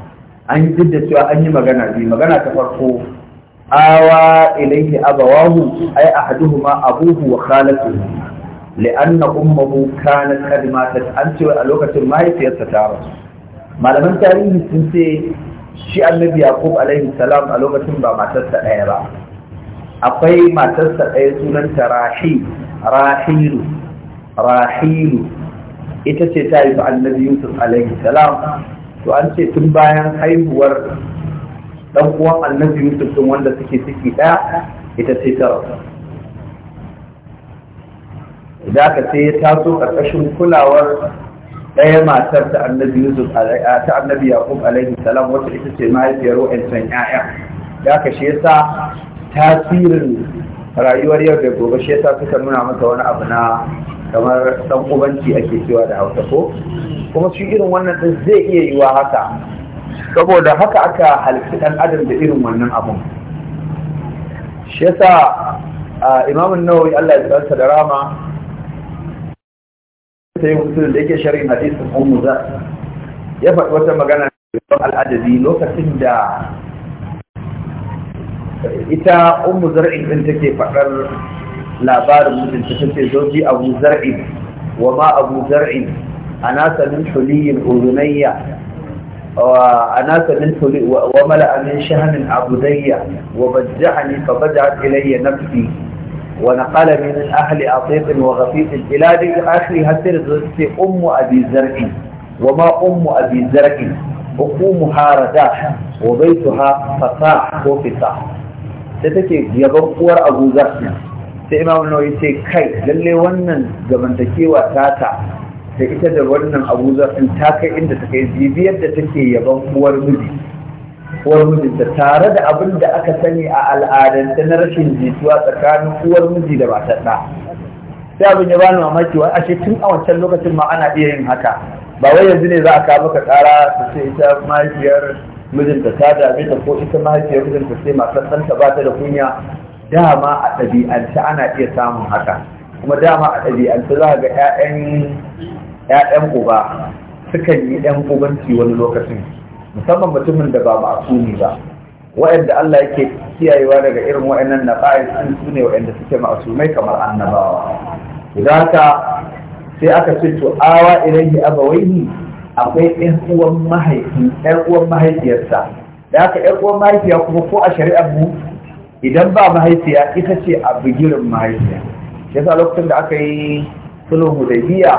an yi da cewa an yi magana biyu magana ta farko awa ilayhi abawahu ay ahaduhuma abuhu wa khalatuhu li'anna ummuhu kanat qad matat an a lokacin mahaifiyarsa ta rasu malaman tarihi sun ce shi annabi yaqub alaihi salam a lokacin ba matarsa ɗaya ba akwai matarsa ɗaya sunanta rahi rahilu rahilu ita ce ta haifi annabi yusuf alaihi salam to an ce tun bayan haihuwar dan uwan annabi yusuf din wanda suke ciki daya ita ce ta Da ka sai ya taso karkashin kulawar ɗaya matar ta annabi yusuf ta annabi yaqub alaihi salam wacce ita ce mahaifiyar wa'ancan 'ya'ya da ka shi yasa tasirin rayuwar yau da gobe shi yasa suka nuna masa wani abu na kamar ɗan ubanci ake cewa da hausa ko kuma shi irin wannan din zai iya yiwa haka saboda haka aka halitta dan adam da irin wannan abun shi yasa imam an-nawawi Allah ya tsarsa da rama sai mutum da yake sharhin hadisin ummu za ya faɗi wata magana al'adadi lokacin da ita ummu zar'in din take faɗar labarin mutum ta ce zoji abu zar'i wa ma abu zar'i a nasa min tuliyin urunayya a nasa min tuli wa mala'a min shahanin abudayya wa bajja'ani a baja'at ilayya nafsi wa naqala min ahli atiq wa ghafif ila dai akhiri hasir zoji ummu abi zar'i wa ma ummu abi zar'i hukumuha rada wa baituha fasah ko fisah sai take gaban uwar abu zar'i sai imam ce kai lalle wannan gabantakewa tata da ita da wannan abu zafin ta kai inda ta kai bibiyar da take yaban uwar miji uwar mijinta tare da abin da aka sani a al'adance na rashin jituwa tsakanin uwar miji da matar ɗa sai abin ya bani mamaki wa ashe tun a wancan lokacin ma ana iya yin haka ba wai yanzu ne za a kawo maka ƙara ta ce ita mahaifiyar mijinta ta dame ta ko ita mahaifiyar mijinta sai matar ɗanta ba ta da kunya dama a ɗabi'ance ana iya samun haka kuma dama a ɗabi'ance za ga 'ya'yan uba sukan yi 'yan ubanci wani lokacin musamman mutumin da ba a suni ba waɗanda Allah yake kiyayewa daga irin na naqa'is sun su ne suke ma'asumai kamar annabawa idan ka sai aka ce to awa ilaihi abawaini akwai ɗan uwan mahaifi ɗan uwan mahaifiyarsa da haka ɗan uwan mahaifiya kuma ko a shari'ar mu idan ba mahaifiya ita ce a bigirin mahaifiya yasa lokacin da aka yi sulhu hudaybiya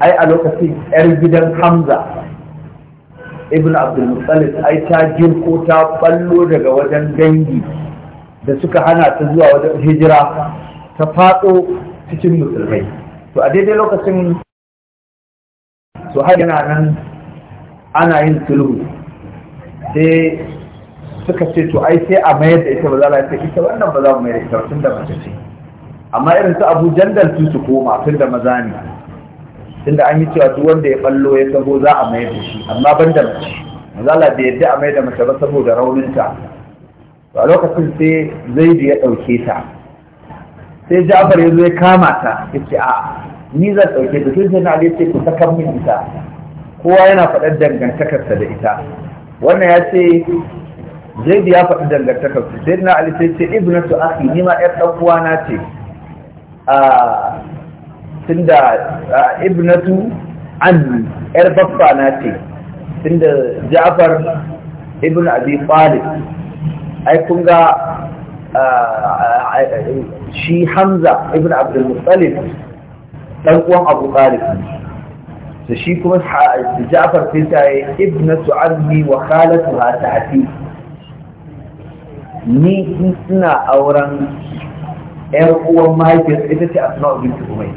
ai a lokacin yar gidan hamza ibn Abdul abdulmutsalif ai ta girko ta ballo daga wajen dangi da suka hana ta zuwa wajen hijira ta faɗo cikin musulmai to a daidai lokacin su har yana nan ana yin sulhu sai suka ce to ai sai a mayar da ita ba za a ce ita wannan ba za mu mayar da ita tun da mace ce amma irin su abu jandal su su koma tun da maza ne tun da an yi cewa duk wanda ya ballo ya sabo za a mayar da shi amma ban da mace mazala da yadda a mayar da mace ba saboda rauninta a lokacin sai zaidu ya ɗauke ta sai jafar ya zo ya kama ta ya ce a ni zan ɗauke ta tun na ya ce ku sakan min ita kowa yana faɗar dangantakarsa da ita wannan ya ce zaidu ya faɗi dangantakar su sai na ali sai ce ibnu su akhi ni ma yar dan uwana ce a tunda ibnatu an yar baffa na ce tunda ja'far ibnu abi talib ai kun ga shi hamza ibn abdul muttalib dan uwan abu talib da shi kuma ja'far sai ta yi ibnatu anni wa khalatuha ta'ti ni suna auren yar uwan mahaifiyar ita ce a suna asma'u binti umay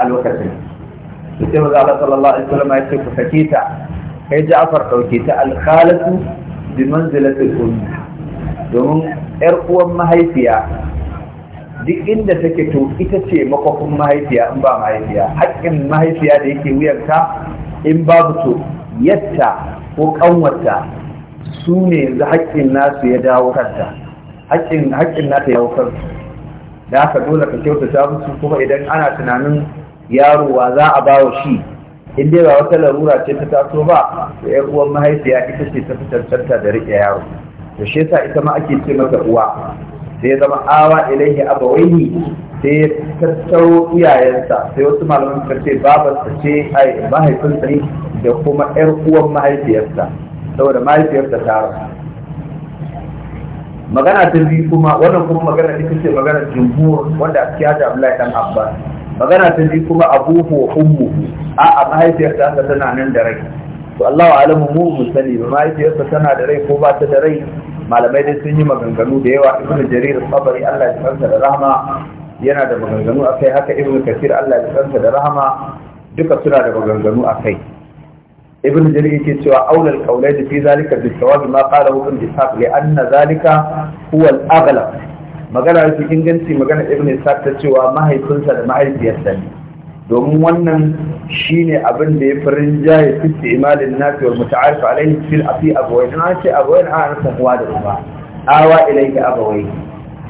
a lokacin sai maza Allah sallallahu alaihi wasallam ya ce ku sake ta kai Ja'far dauke ta al-khalatu bi manzilati ummi domin yar uwan mahaifiya duk inda take to ita ce makwafin mahaifiya in ba mahaifiya haƙƙin mahaifiya da yake wuyanta in babu to yatta ko ƙanwarta su ne yanzu haƙƙin nasu ya dawo kanta haƙƙin nasu nata ya dawo su da aka dole ka kyauta ta musu kuma idan ana tunanin yaro wa za a bawa shi in dai ba wata larura ce ta taso ba to ƴan uwan mahaifiya ita ce ta fitar cancanta da riƙe yaro to shi yasa ita ma ake ce mata uwa sai ya zama awa ilaihi abawaihi sai ya tattaro iyayensa sai wasu malaman karfe ce babarsa ce ai mahaifinsa ne da kuma 'yar uwan mahaifiyarsa saboda mahaifiyarsa ta rasu magana ta biyu kuma wannan kuma magana ita ce magana jumhur wanda a cikin da Abdullahi dan Abbas magana ta biyu kuma ko ummu a a'a mahaifiyarsa ta tana nan da rai to Allah alamu mu mu sani ba mahaifiyarsa tana da rai ko ba ta da rai malamai dai sun yi maganganu da yawa ibnu jarir sabari Allah ya kansa da rahama yana da maganganu akai haka ibnu kasir Allah ya kansa da rahama duka suna da maganganu akai ibn jarir yake cewa aulal qawlayn fi zalika bi sawab ma qala ibn ishaq li anna zalika huwa al aghlab magana yake inganci magana ibn ishaq ta cewa mahaifinsa da mahaifiyarsa ne domin wannan shine abin da ya farin jaye fi imalin nafi wal muta'arif alayhi fil afi abawayn an ce abawayn an san kuwa da uba awa ilayhi abawayn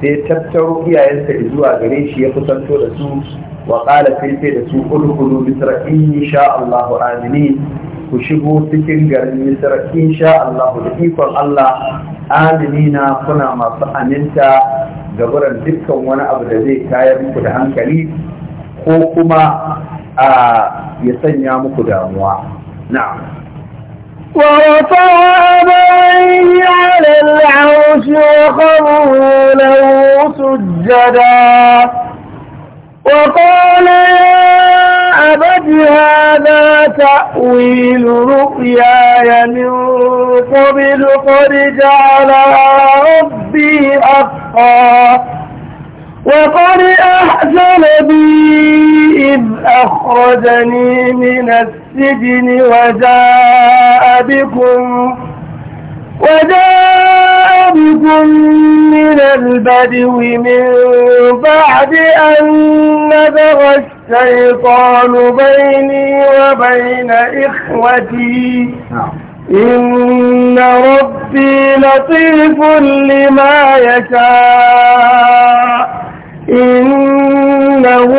sai tattaro iyayensa zuwa gare shi ya kusanto da su wa qala sai da su udkhulu misra in sha Allahu aminin ku shigo cikin garin Misra insha Allah da ikon Allah aminina kuna masu aminta gaburan dukkan wani abu da zai kayar muku da hankali ko kuma a ya sanya muku damuwa na'am ورفع أبويه على العرش وخروا له سجدا وقال يا أبت هذا تأويل رؤياي من قبل قد جعل ربي أخفى وقد أحسن بي إذ أخرجني من السجن وجاء بكم وجاء بكم من البدو من بعد أن نبغت الشيطان بيني وبين إخوتي نعم. إن ربي لطيف لما يشاء إنه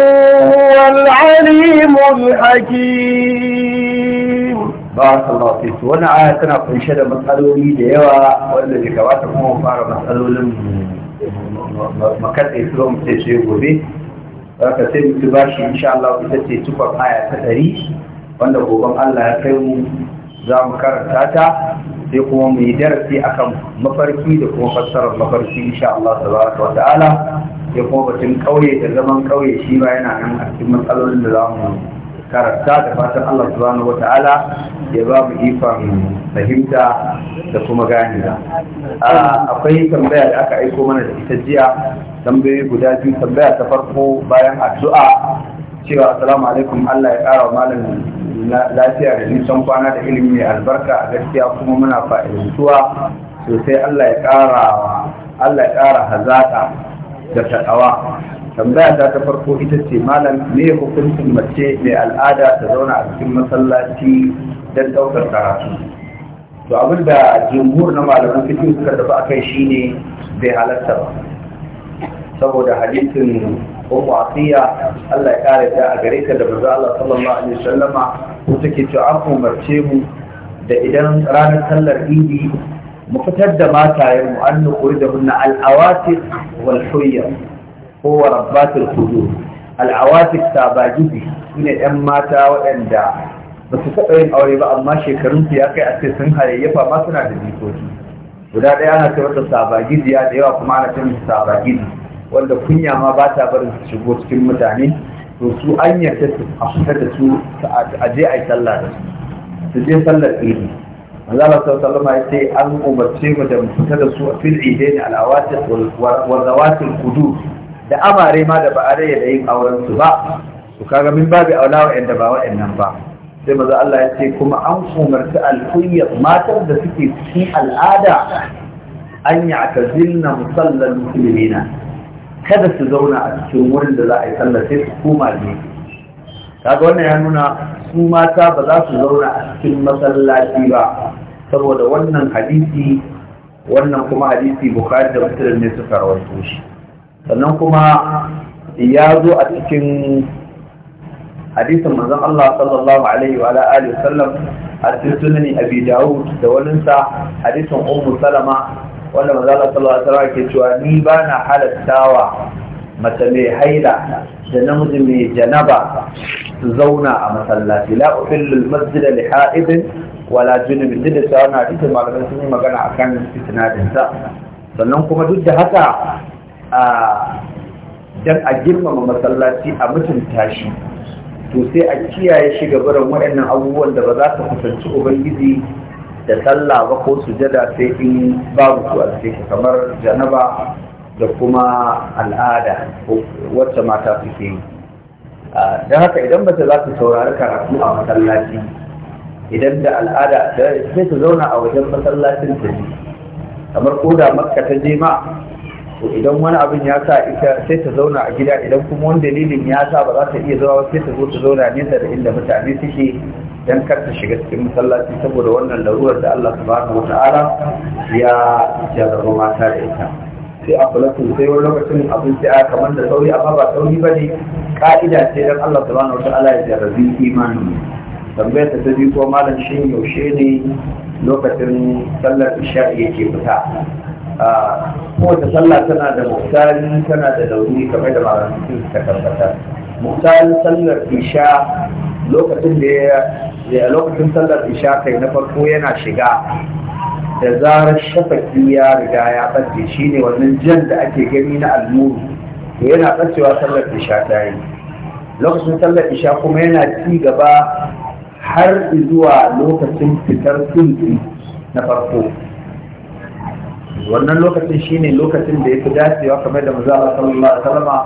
هو العليم الحكيم بارك الله فيك وانا آية في شهر مسألولي ديوة وانا ذكواتكم وفار مسألولي مكتئ فيهم تشيبوا به Zaka sai mutu ba shi insha Allah ita ce tufar aya ta ɗari wanda goben Allah ya kai mu za mu karanta ta sai kuma mu yi darasi akan mafarki da kuma fassarar mafarki insha Allah tabaraka wa ta'ala sai kuma batun kauye da zaman kauye shi ba yana nan a cikin matsalolin da za mu karanta da fatan Allah subhanahu wa ta'ala ya ba mu ifan fahimta da kuma ganewa ah, akwai tambaya da aka aiko mana da ita jiya tambayoyi guda biyu tambaya ta farko bayan addu'a cewa assalamu alaikum Allah ya kara malam lafiya da nisan kwana da ilimi mai albarka a gaskiya kuma muna fa'idantuwa sosai Allah ya kara Allah ya kara hazaka da taɗawa.' tambaya ta ta farko ita ce malam me hukuncin mace mai al'ada ta zauna a cikin masallaci don ɗaukar karatu to abin da jumhur na malaman fiqh suka tafi akai shine bai halatta ba saboda hadisin ummu asiya Allah ya kare ta a gare ta da manzo Allah sallallahu alaihi wasallama ko take cewa an umarce mu da idan ranar sallar idi mu fitar da matayen mu an da munna al'awatif wal huyya ko wa rabbatul hudur al'awatif sabajidi sune yan mata waɗanda ba su taɓa yin aure ba amma shekarun su ya kai a ce sun hayayyafa ma suna da jikoki guda ɗaya ana ce mata sabagidiya da yawa kuma ana ce mata sabagidi wanda kunya ma ba ta barin su shigo cikin mutane to su an yarda su a fita da su a je a yi sallah da su su je sallar idi manzo Allah sallallahu alaihi wasallam ya an umarce mu da mu fita da su a fil idain al awatif wa zawatil qudud da amare ma da ba'are da yin auren su ba to kaga min babu aula wa'anda ba wa'annan ba sai maza Allah ya ce kuma an umarci al-kuyyar matan da suke cikin al'ada an yi a kazin musallar kada su zauna a cikin wurin da za a yi sallah sai su koma gefe kaga wannan ya nuna su mata ba za su zauna a cikin masallaci ba saboda wannan hadisi wannan kuma hadisi bukari da musulun ne suka rawaito shi sannan kuma ya zo a cikin hadisin manzon Allah sallallahu alaihi wa alihi wasallam a cikin sunan Abi Dawud da walinsa hadisin Ummu Salama wanda maza Allah ke cewa ni ba na halattawa mace mai haila da namiji mai janaba su zauna a masallaci la uhillu al-masjid li ha'ibin wala junubin duk da cewa na cikin malamai sun yi magana akan isnadin sa sannan kuma duk da haka a dan a girmama masallaci a mutunta shi to sai a kiyaye shi ga barin waɗannan abubuwan da ba za su kusanci ubangiji da sallah ba ko sujada sai in babu su a kamar janaba da kuma al'ada wacce mata suke yi don haka idan ba za su saurari karatu a masallaci idan da al'ada sai ta zauna a wajen masallacin ta ji kamar ko da makka ta je ma idan wani abin ya sa ita sai ta zauna a gida idan kuma wani dalilin ya sa ba za ta iya zuwa sai ta zo ta zauna nesa da inda mutane suke dan kar ta shiga cikin masallaci saboda wannan larurar da Allah subhanahu wata'ala ya jarraba mata da ita sai a kula sai wani lokacin abin sai a kamar da sauri amma ba sauri ba ne ka'ida sai dan Allah subhanahu wata'ala ya jarrabi imani tambayar ta biyu ko malam shin yaushe ne lokacin sallar isha'i yake fita kowace sallah tana da muktari tana da launi kamar da malam suka tabbatar mutan sallar isha lokacin da ya lokacin sallar isha kai na farko yana shiga da zarar shafaki ya riga ya ɓace shi ne wannan jan da ake gani na almuru to yana ɓacewa sallar isha ta yi lokacin sallar isha kuma yana ci gaba har zuwa lokacin fitar tsuntsu na farko wannan lokacin shine lokacin da ya fi dacewa kamar da maza Allah sallallahu alaihi wasallama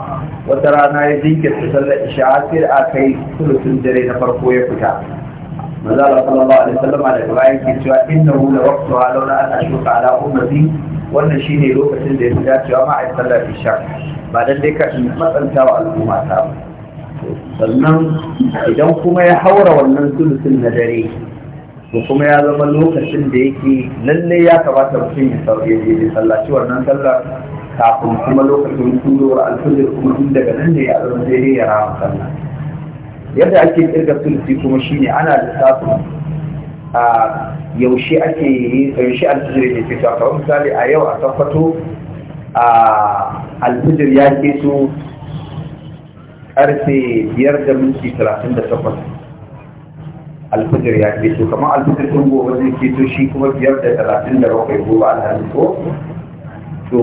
wata rana ya jinkirta sallar isha sai a kai sulusun dare na farko ya fita maza Allah sallallahu alaihi wasallama da bayan ke cewa innahu la waqtuha laula an ashuqa ala ummati wannan shine lokacin da ya fi dacewa ma a sallar isha ba dan dai ka matsanta wa al'umma ta sannan idan kuma ya haura wannan sulusun na dare to kuma ya zama lokacin da yake lalle ya kamata mutum ya sauke ya sallaci wannan sallar kafin kuma lokacin turowar alfajir kuma tun daga nan ne ya zama daidai ya rama sallah yadda ake kirga sulfi kuma shine ana lissafin a yaushe ake yaushe alfajir yake fito kamar misali a yau a tabbato a alfajir ya ke so karfe biyar da minti talatin da takwas alfajir ya ke to kamar alfajir sun gobe zai ke to shi kuma biyar da talatin da bakwai gobe alhamis ko to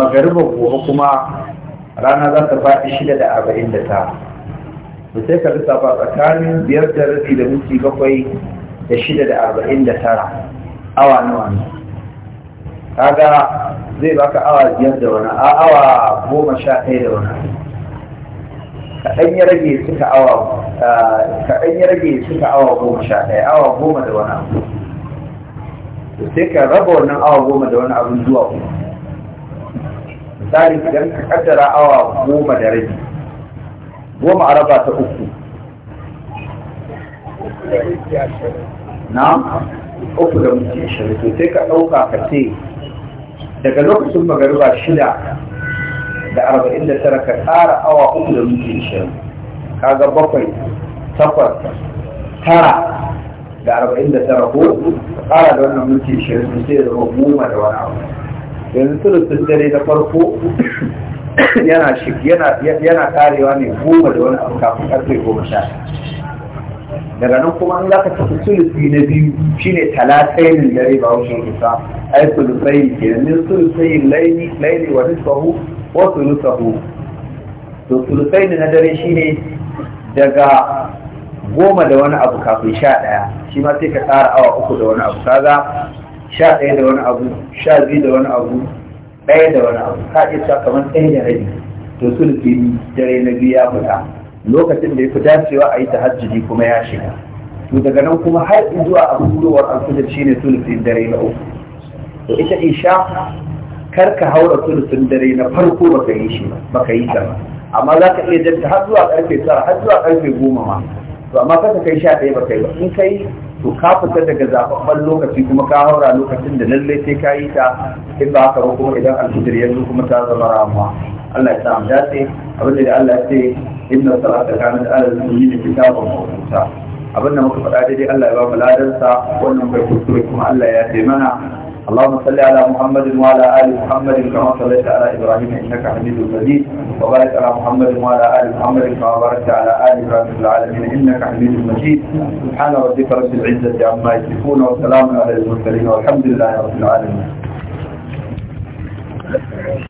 magariba gobe kuma rana za ta faɗi shida da arba'in da ta to sai ka ba tsakanin biyar da rabi da minti bakwai da shida da arba'in da tara awa nawa ne kaga zai baka awa biyar da wani awa goma sha ɗaya da wani kaɗan ya rage suka awa ah, kaɗan ya rage suka awa goma sha ɗaya awa goma da wani abu to sai ka raba wannan awa goma da wani abu zuwa kuma? misali idan ka kaddara awa goma da rage. goma a raba ta uku na uku da mutum shirin to sai ka ɗauka ka ce daga lokacin magariba shida da arba'in da tara ka tsara awa uku da minti ishirin kaga bakwai takwas tara da arba'in da tara ko ka tsara da wannan minti ishirin sai ya zama goma da wani abu yanzu sulutun dare na farko yana yana karewa ne goma da wani abu kafin karfe goma sha daga nan kuma an zaka tafi sulusi na biyu shine talatainin dare ba wucin kusa ai sulusai ke nan sulusayin laili laili wa nisfahu wasu to sulusai na dare ne daga goma da wani abu kafin sha ɗaya shi ma sai ka tsara awa uku da wani abu kaga sha ɗaya da wani abu sha biyu da wani abu ɗaya da wani abu ka isa kamar ɗaya da rabi to sulusi dare na biyu ya fita lokacin da ya fi dacewa a yi ta hajjiji kuma ya shiga to daga nan kuma har zuwa abubuwar shi ne sulusi dare na uku to ita isha kar ka haura sulusun dare na farko baka yi shi baka yi ta ba amma za ka iya janta har zuwa karfe tara har zuwa karfe goma ma to amma kasa kai sha ɗaya baka yi ba in kai to ka fita daga zababban lokaci kuma ka haura lokacin da lallai sai ka yi ta in ba haka ba kuma idan alfijir yanzu kuma ta zama ramuwa Allah ya sa mu dace abin da Allah ya ce inna salata kanat ala al-mu'minina kitaban mawquta abin da muka faɗa dai-dai Allah ya ba mu ladansa wannan bai kuskure kuma Allah ya taimana اللهم صل على محمد وعلى ال محمد كما صليت على ابراهيم انك حميد مجيد وبارك على محمد وعلى ال محمد كما باركت على ال ابراهيم في العالمين انك حميد مجيد سبحان ربك رب العزه عما يصفون وسلام على المرسلين والحمد لله رب العالمين